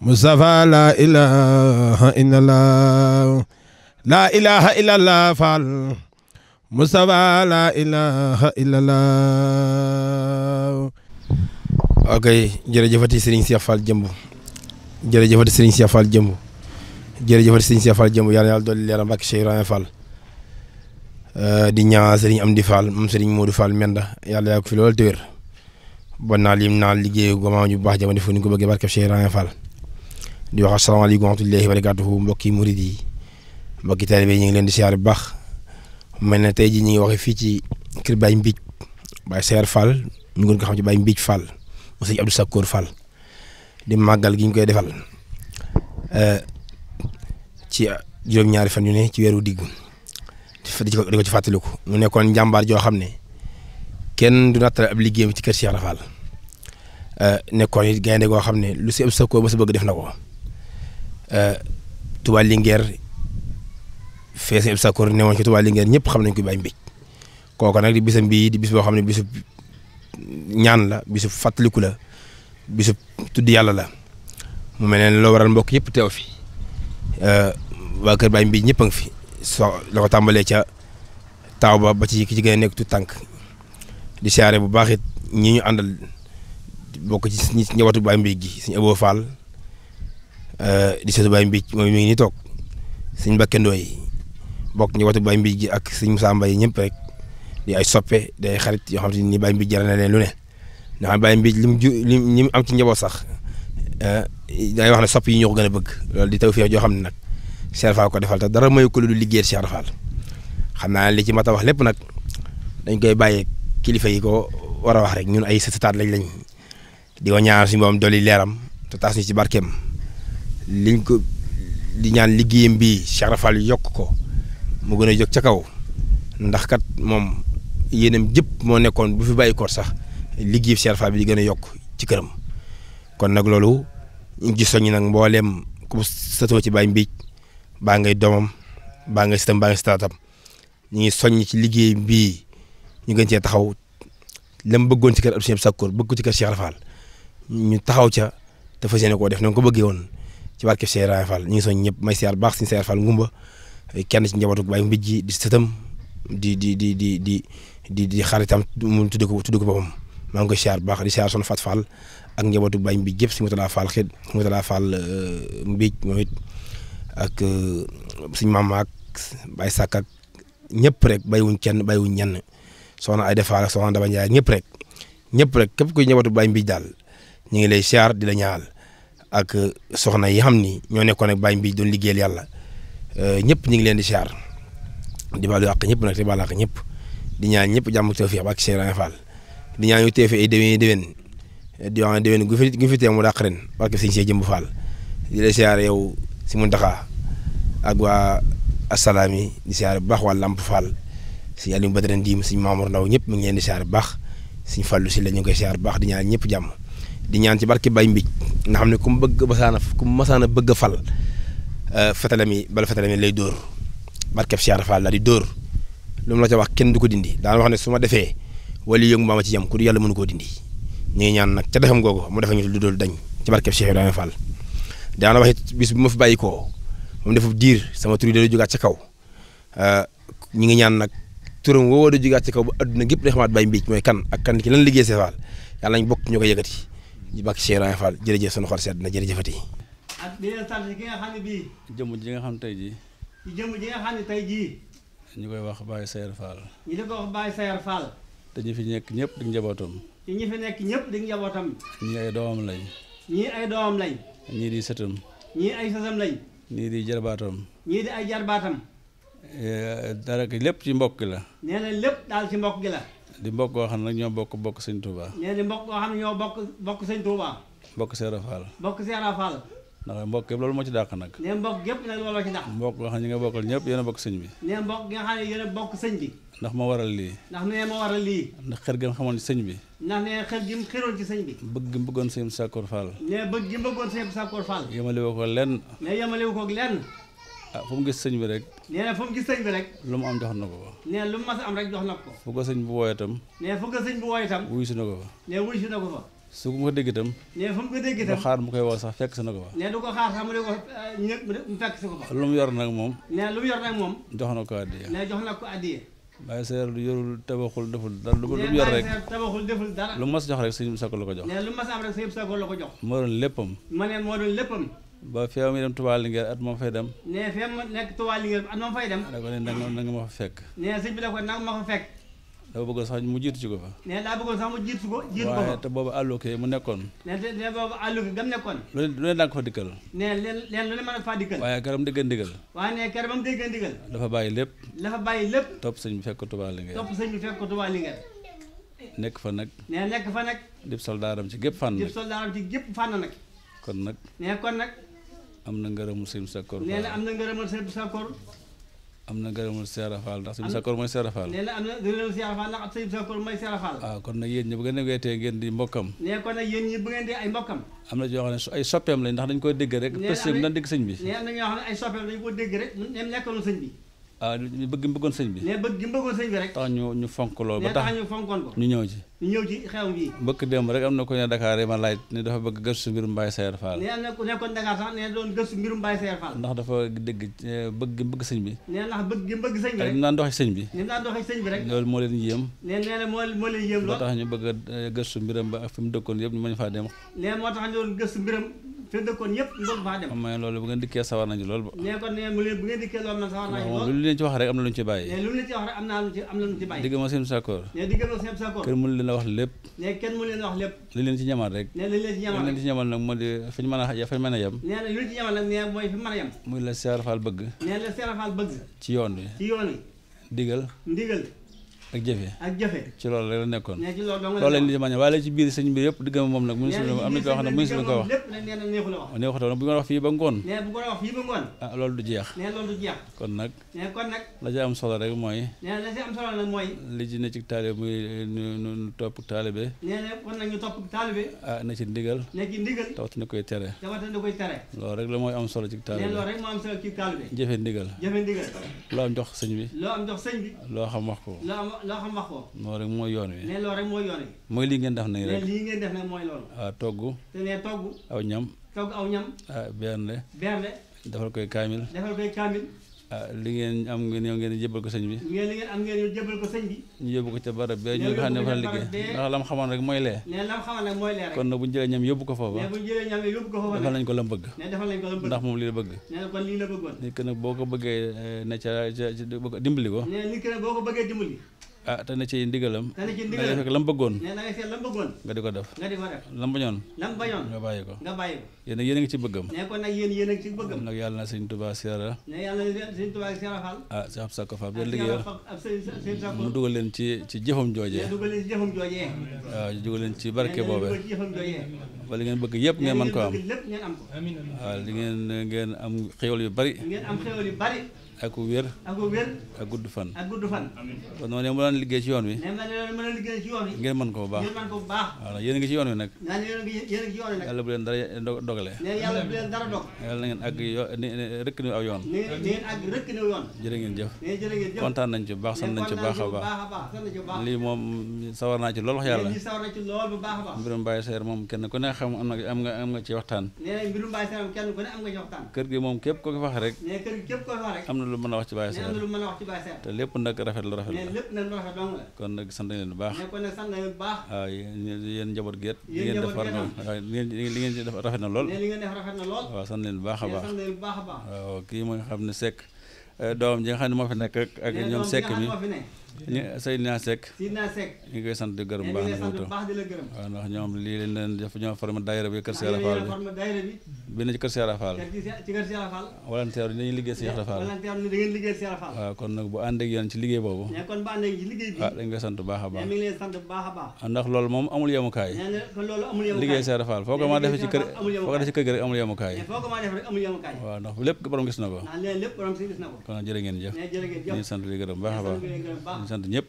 Mustafa laa ilaaha illallah laa ilaaha illallah faal Mustafa laa ilaaha illallah.
ok jërëjëfati Serigne Cheikh Fall Jëmb jërëjëfati Serigne Cheikh Fall Jëmb jërëjëfati Serigne Cheikh Fall Jëmb yàlla na yàlla dolli leeram euh, di ñaan Serigne Amdi Fall moom Serigne Modou Fall Menda yàlla yaa filool fi lool te naal bon naa lim naa liggéeyu gomaaw ñu bu baax jamono fu ko bëggee di wax asalaamaaleykum wa rahmatullahi wa barakaatuhu mbokki murid yi mbokki taalibe yi ñu ngi leen di siyaar bu baax mel na tey jii ñu ngi waxee fii ci kër Baye Mbij Baye Seer Fall ñu gën ko ci Baye Mbij Fall mu sëñ Abdou di màggal gi koy defal eh, ci juróom-ñaari fan yu ne ci weeru diggu di ko ci fàttaliku mu nekkoon njàmbaar joo xam ne kenn du nattale ab liggéeyam ci kër Cheikh Fall eh, nekkoon it gaynde goo xam ne lu si Abdou Sakkoor ba sa bëgg def na ko. Euh, Touba Linguère fee sëñ Abdou Sakor newoon ci Touba Linguère ñëpp xam nañ ko Baye Mbéj kooku nag di bisam bii di bis boo xam ne bisu ñaan la bisu fàttaliku la bisu tudd yàlla la mu mel ne loo waral mbokk yëpp teew fi euh, waa kër Baye Mbéj ñëpp a ngi fi soo la tàmbalee ca taaw ba ba ci ki ci nekk tu tànk di siyaare bu baaxit it ñi ñu àndal bokk ci ñi njabootu Baye Mbéj gi suñu Abo Eh, di seetu Baye Mbij moom mi ngi nii toog sëñ Mbakke Ndooy bokk ñu watu Baye Mbij gi ak sëñ Moussa Mbaye ñëpp rek di ay soppe day xarit yoo xam te ni Baye Mbij jaral na leen lu ne ndax Baye Mbij lim ju lim ñi am ci njaboot sax eh, day wax ne sopp yi ñoo gën a bëgg loolu di tawfeex joo xam ne nag Cheikh Fall ko defal te dara mayu ko lu liggéeyal Cheikh Fall xam naa li ci mat a wax lépp nag dañ koy bàyyee kilifa yi ko war a wax rek ñun ay sëtaat lañ lañ di ko ñaanal suñu borom dolli leeram te taas ñu ci barkeem. liñ ko di ñaan liggéeyam bi Cheikh yokk ko mu gën a jog ca kaw ndax kat moom yéenam jëpp moo nekkoon bu fi bàyyi ko sax liggéey Cheikh Rafal bi di gën a yokk ci këram kon nag loolu ñu gis soññi nag mbooleem ku sëtoo ci Baye Mbiij baa ngay doomam baa ngay sëtam baa ngay sëtaatam ñu ngi soññ ci liggéey bi ñu gën cee taxaw lam bëggoon ci kër Abdou Sakkoor bëgg ko ci kër Cheikh ñu taxaw ca te fas yéene koo def na ko bëggee woon ci barke Cheikh Ibrahima Fall ñu ngi soñ ñëpp may siyaar baax si Cheikh Fall ngumba kenn ci njabootu Baye Mbijji di sëtam di di di di di di di xaritam mu tudd ko tudd ko boppam maa ngi koy siyaar baax di siyaar son Fat Fall ak njabootu Baye Mbij yëpp si Moutala Fall xit si Moutala Fall euh, Mbij moom it ak suñu maama ak Baye Sakk ak ñëpp rek bàyyiwuñ kenn bàyyiwuñ ñenn soxna Aïda Fall ak soxna Daba Ndiaye ñëpp rek ñëpp rek képp kuy njabootu Baye Mbij daal ñu ngi lay siyaar di la ñaal ak soxna yi xam ni ñoo nekkoon ak bàyyi bi doon liggéeyal yàlla euh, ñëpp ñu ngi leen di siyaar di baalu àq ñëpp nag di baal àq ñëpp di ñaan ñëpp jàmm tawfiix ak Cheikh Ibrahima Fall di ñaan ñu teefe ay déwén déwén di gu fi gu fi teemu dàq ren parce que sëñ Cheikh Jëmb siyaar yow si Muntaxa ak waa asalaami di siyaar bu baax waa Lamp Fall si Aliou Badara Ndiim suñu Mamour Ndaw ñëpp mu ngi leen di siyaar bu baax suñu Fallou si la ñu ngi koy siyaar bu baax di ñaan ñëpp jàmm di ñaan ci barki bay mbij nga xam ne ku mu bëgg masaana ku mu masaana bëgg a fal euh, fetale mi bala fetale mi lay dóor barkeb Cheikh Fall la di dóor lu mu la ca wax kenn du ko dindi daan wax ne su ma defee wala yëngu ma ma ci yem ku yàlla mënu koo dindi ñu ngi ñaan nag ca defam googu mu defe lu dul dañ ci barkeb Cheikh daana wax it bis bu ma fi bàyyi koo moom dafa diir sama tur yi da jógaat ca kaw euh, ñu ngi ñaan nag turam woo da jógaat ca kaw ba adduna gépp da xamaat bay mbiic mooy kan ak kan ki lan liggéey Cheikh Fall yàlla nañ bokk ñu ko yëkkati ñu bàkk Cheikh Ibrahima Fall jërëjëf sunu xol sedd na jërëjëfati.
ak di leen sant ki nga xam ne bii. jëmm ji nga xam tey jii. jëmm ji xam ne tey jii. ñu koy wax Baye Sayer Fall. ñu di ko wax Baye Sayer Fall. te ñi fi nekk ñëpp di njabootam. te ñi fi nekk ñëpp di njabootam. ñii ay doomam lañ. ñii ay doomam lañ. ñii di sëtam. ñii ay sëtam lañ. ñii di jarbaatam.
ñii di ay jarbaatam.
Eh, dara lépp ci mbokk la.
nee na lépp daal
ci mbokk gi la. di mbokk goo xam ne nag ñoo bokk bokk sëñ Touba.
nee di mbokk goo xam ne ñoo bokk bokk sëñ Touba.
bokk Seera Fall. bokk Seera moo ci dàq nag. nee mbokk yëpp nag looloo ci dàq. mbokk goo xam ne ñi nga bokkal a sëñ bi. ne a bokk sëñ bi. ndax ma bi. ndax nee
xër gi mu xëroon ci sëñ bi.
bëgg gi mu bëggoon sëñ Sakkoor Fall. nee bëgg gi ko lenn. nee yemale woo ko lenn. ah mu gis sëñ bi rek nee na mu gis sëñ bi rek lu mu am jox na ko ko
nee lu mu mas am rek jox na ko
fu ko bu wooyee itam nee fu ko sëñ bu wooyee itam na ko fa nee wuyu si mu koy woo sax fekk si na ko fa
nee du ko eh, lu
mu yor nag moom
nee lu mu moom
jox na ko addiye
nee jox na ko addiye
bàyyi seer lu yorul tabaxul deful lu yor rek
tabaxul deful dara lu
mas jox rek sëñ bi sakko la ko jox
nee lu mas am rek sëñ
moo doon léppam
ma ne moo doon léppam
ba feew mi dem Touba Linguère at moom fay dem. nee feew mu nekk Touba Linguère at moom fay dem. Ah, da ko ne na nga ma fa fekk. nee sëñ bi da ko nanga ma fa fekk. dafa bëggoon sax mu jiitu ci ko fa.
nee daa bëggoon sax mu jiitu ko jiitu ko fa.
te boobu àlluke mu nekkoon.
nee te te boobu àlluke gam nekkoon.
lu leen lu leen daan ko fa dikkal.
nee leen leen lu leen mën a faa dikkal.
waaye keroog mu dégg ndigal.
waaye nee keroog mu dégg ndigal.
dafa bàyyi lépp. dafa bàyyi lépp. topp sëñ bi fekk ko Touba Linguère. topp
sëñ bi fekk ko Touba Linguère. nekk fa nag. nee nekk fa nag.
dib soldaaram ci gépp fànn. dib
soldaaram ci gépp fànn nag.
kon nag. nee kon nag. am na ngërëmul sëñ Sakor. nee na am
na ngërëmul sëñ Sakor.
am na ngërëmul Seera Fall ndax sëñ Sakor mooy mooy Seera Fall. waaw ah, kon nag yéen ñi bu ngeen weetee ngeen di mbokkam.
nee kon nag yéen ñi bu ngeen di ay
mbokkam. am na ñoo xam ne ay soppeem lañ ndax dañ koy dégg rek. nee na am
na ñoo xam dégg rek ñoom nekkoon sëñ bi
ah bëgg bëggoon sëñ bi. ne bëgg bëggoon sëñ bi rek. tax ñu ñu fonk lool ba tax ñu fonkoon ko. ñu ñëw ci. ñu ñëw
ci xew bi.
bëgg démb rek am na ku ne Dakar yi ma laaj ne dafa bëgg gëstu mbirum Baye Sayer Fall. nee
na ku nekkoon Dakar sax nee doon gëstu mbirum Baye Sayer Fall.
ndax dafa dégg eh, bëgg bëgg sëñ bi.
nee ndax bëgg bëgg sëñ bi rek. ni mu daan doxee sëñ bi. ni mu daan doxee sëñ bi rek. loolu
moo leen yéem. nee nee na moo moo leen yéem lool. ba tax ñu bëgg a eh, gëstu mbiram ba ak fi mu dëkkoon yëpp ñu mën faa dem.
nee moo tax ñu doon gëstu mbiram te dëkkoon yëpp doon faa dem
mais loolu bu ngeen dikkee sawar nañu lool
ne ko ne mu leen bu ngeen dikkee loolu nag sawar nañu lool
lu leen ci wax rek am na lu ñu ci bàyyi ne
lu leen ci wax rek am na lu ci am na lu ñu ci bàyyi digg
ma seen sakoor
ne digg ma seen sakoor kenn
mënu leen a wax lépp
ne kenn mënu leen a wax lépp
li leen ci ñamal rek ne li leen ci ñamal leen ci ñamal nag moo di fi ñu mën a fa ñu mën a yem
nee na lu ci ñamal nag ne mooy fi mën a yem
muy la seerafal bëgg
ne la seerafal bëgg
ci yoon bi ci yoon bi digal ndigal ak jafe ak jafe ci loolu rek la nekkoon loolu lañ di mañe waaye la ci biir sëñ bi yëpp diggam moom nag mu am na koo xam ne mu suñu ko
wax
neexu la bu ñu wax fii ba ngoon
bu ko wax fii ba ngoon
ah loolu du jeex loolu du jeex kon nag kon nag la ci am solo rek mooy la ci am solo nag mooy li ci ne ci taalibe muy nu topp taalibe
nee na kon nag ñu topp taalibe
ah na ci ndigal na ci ndigal tawat na koy tere
tawat na koy tere
loolu rek la mooy am solo ci taalibe loolu rek
moo am solo ci taalibe jëfe ndigal jëfe ndigal
loo am jox sëñ bi
loo am jox sëñ bi
loo xam wax ko loo xam wax ko. moo rek mooy yoon wi. mooy yoon wi. mooy lii ngeen def nañ mooy loolu. waaw ah, togg. te ne togg. aw ñam. togg aw ñam. ah bernde. defal ah, ko sëñ bi ngeen am ngeen yow jëbal ko sëñ bi ko ca barab bee ñu nga xam xamoon rek mooy lee ne lam xamoon ko foofa ne bu nañ ko lam bëgg ne defal nañ bëgg ndax moom lii la bëgg nit ki nag boo ko bëggee eh, ne ca ca dimbali ko
ne nit ki nag boo ko bëggee dimbali
ah te na ci ndigalam. nga la mu bëggoon. nee
na nga la mu bëggoon. nga di ko def nga di ko def. la mu bañoon. la mu bañoon nga bàyyi ko. nga a
ngi ci bëggam.
ne kon nag a ngi ci bëggam.
yàlla na sëñ seera. ne ah si ab sakko Fall bi ah, leen
liggéeyal. mu
dugal leen ci ci jëfam joojee. dugal
leen ci ah, ci barke boobee.
ba li ngeen bëgg yëpp ngeen mën ko am.
waaw ah,
li ngeen ngeen am xéwal yu bari. ngeen am
xéwal yu bari.
ak wér. ak wér. ak gudd fan. ak gudd fan. kon noonu ne liggéey ci yoon wi.
nee
mën ko baax ngeen ngi ci yoon wi nag.
naan yéen a ngi yéen a yoon wi
ngeen àgg kontaan nañ ci bu baax sant nañ ci bu baax a
baax.
moom sawar naa ci lool wax yàlla. moom kenn ku ne xam am nga am nga am ci waxtaan.
na ci waxtaan.
kër gi moom képp ko wax rek. nee
kër gi képp ko wax rek.
am na lu mën a wax ci Baye Seer te lépp nag rafet lu rafet
la rafet
kon nag sant nañ leen bu baax
ne waaw
yéen njaboot gi li ngeen def ah. def rafet na lool li waaw sant leen bu baax a baax sant
leen waaw
kii ma nga xam ne Seck eh, doom ji nga xam ne moo fi nekk ak ñoom sekk mi Seydina Seck Seydina Seck ñu ngi koy sant di gërëm baax di la gërëm waaw ndax ñoom lii lañ leen def ñoo formé daayira bi kër Seera Fall bi na ci kër Seera Fall
ci kër Seera
Fall
si Seera
Fall kon nag bu ànd ak ci liggéey boobu
ah,
dañ koy sant bu baax a
baax
ah, ndax loolu moom amul yemukaay
liggéey Seera Fall
foo ko defee ci kër foo ko defee amul yemukaay
waaw
ndax lépp borom gis gis na ko kon ngeen jëf ñu sant di gërëm baax a baax sant ñëpp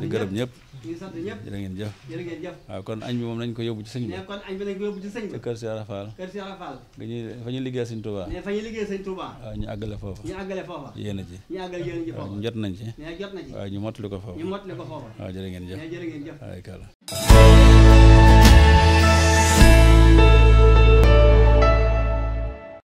di gërëm ñëpp ñu sant ñëpp jërë ngeen jëf jërë kon añ bi moom nañ ko yóbbu ci sëñ bi kon añ bi nañ ko ci kër Cheikh Rafal kër Cheikh Rafal ga ñuy fa ñuy liggéey sëñ Touba ne
fa ñuy liggéey sëñ Touba
waaw ñu àggale foofa ñu
àggale foofa yéen a ci ñu jot nañ ci ne ñu mottali ko foofa ñu mottali ko foofa waaw
jërë ngeen jëf jërë ngeen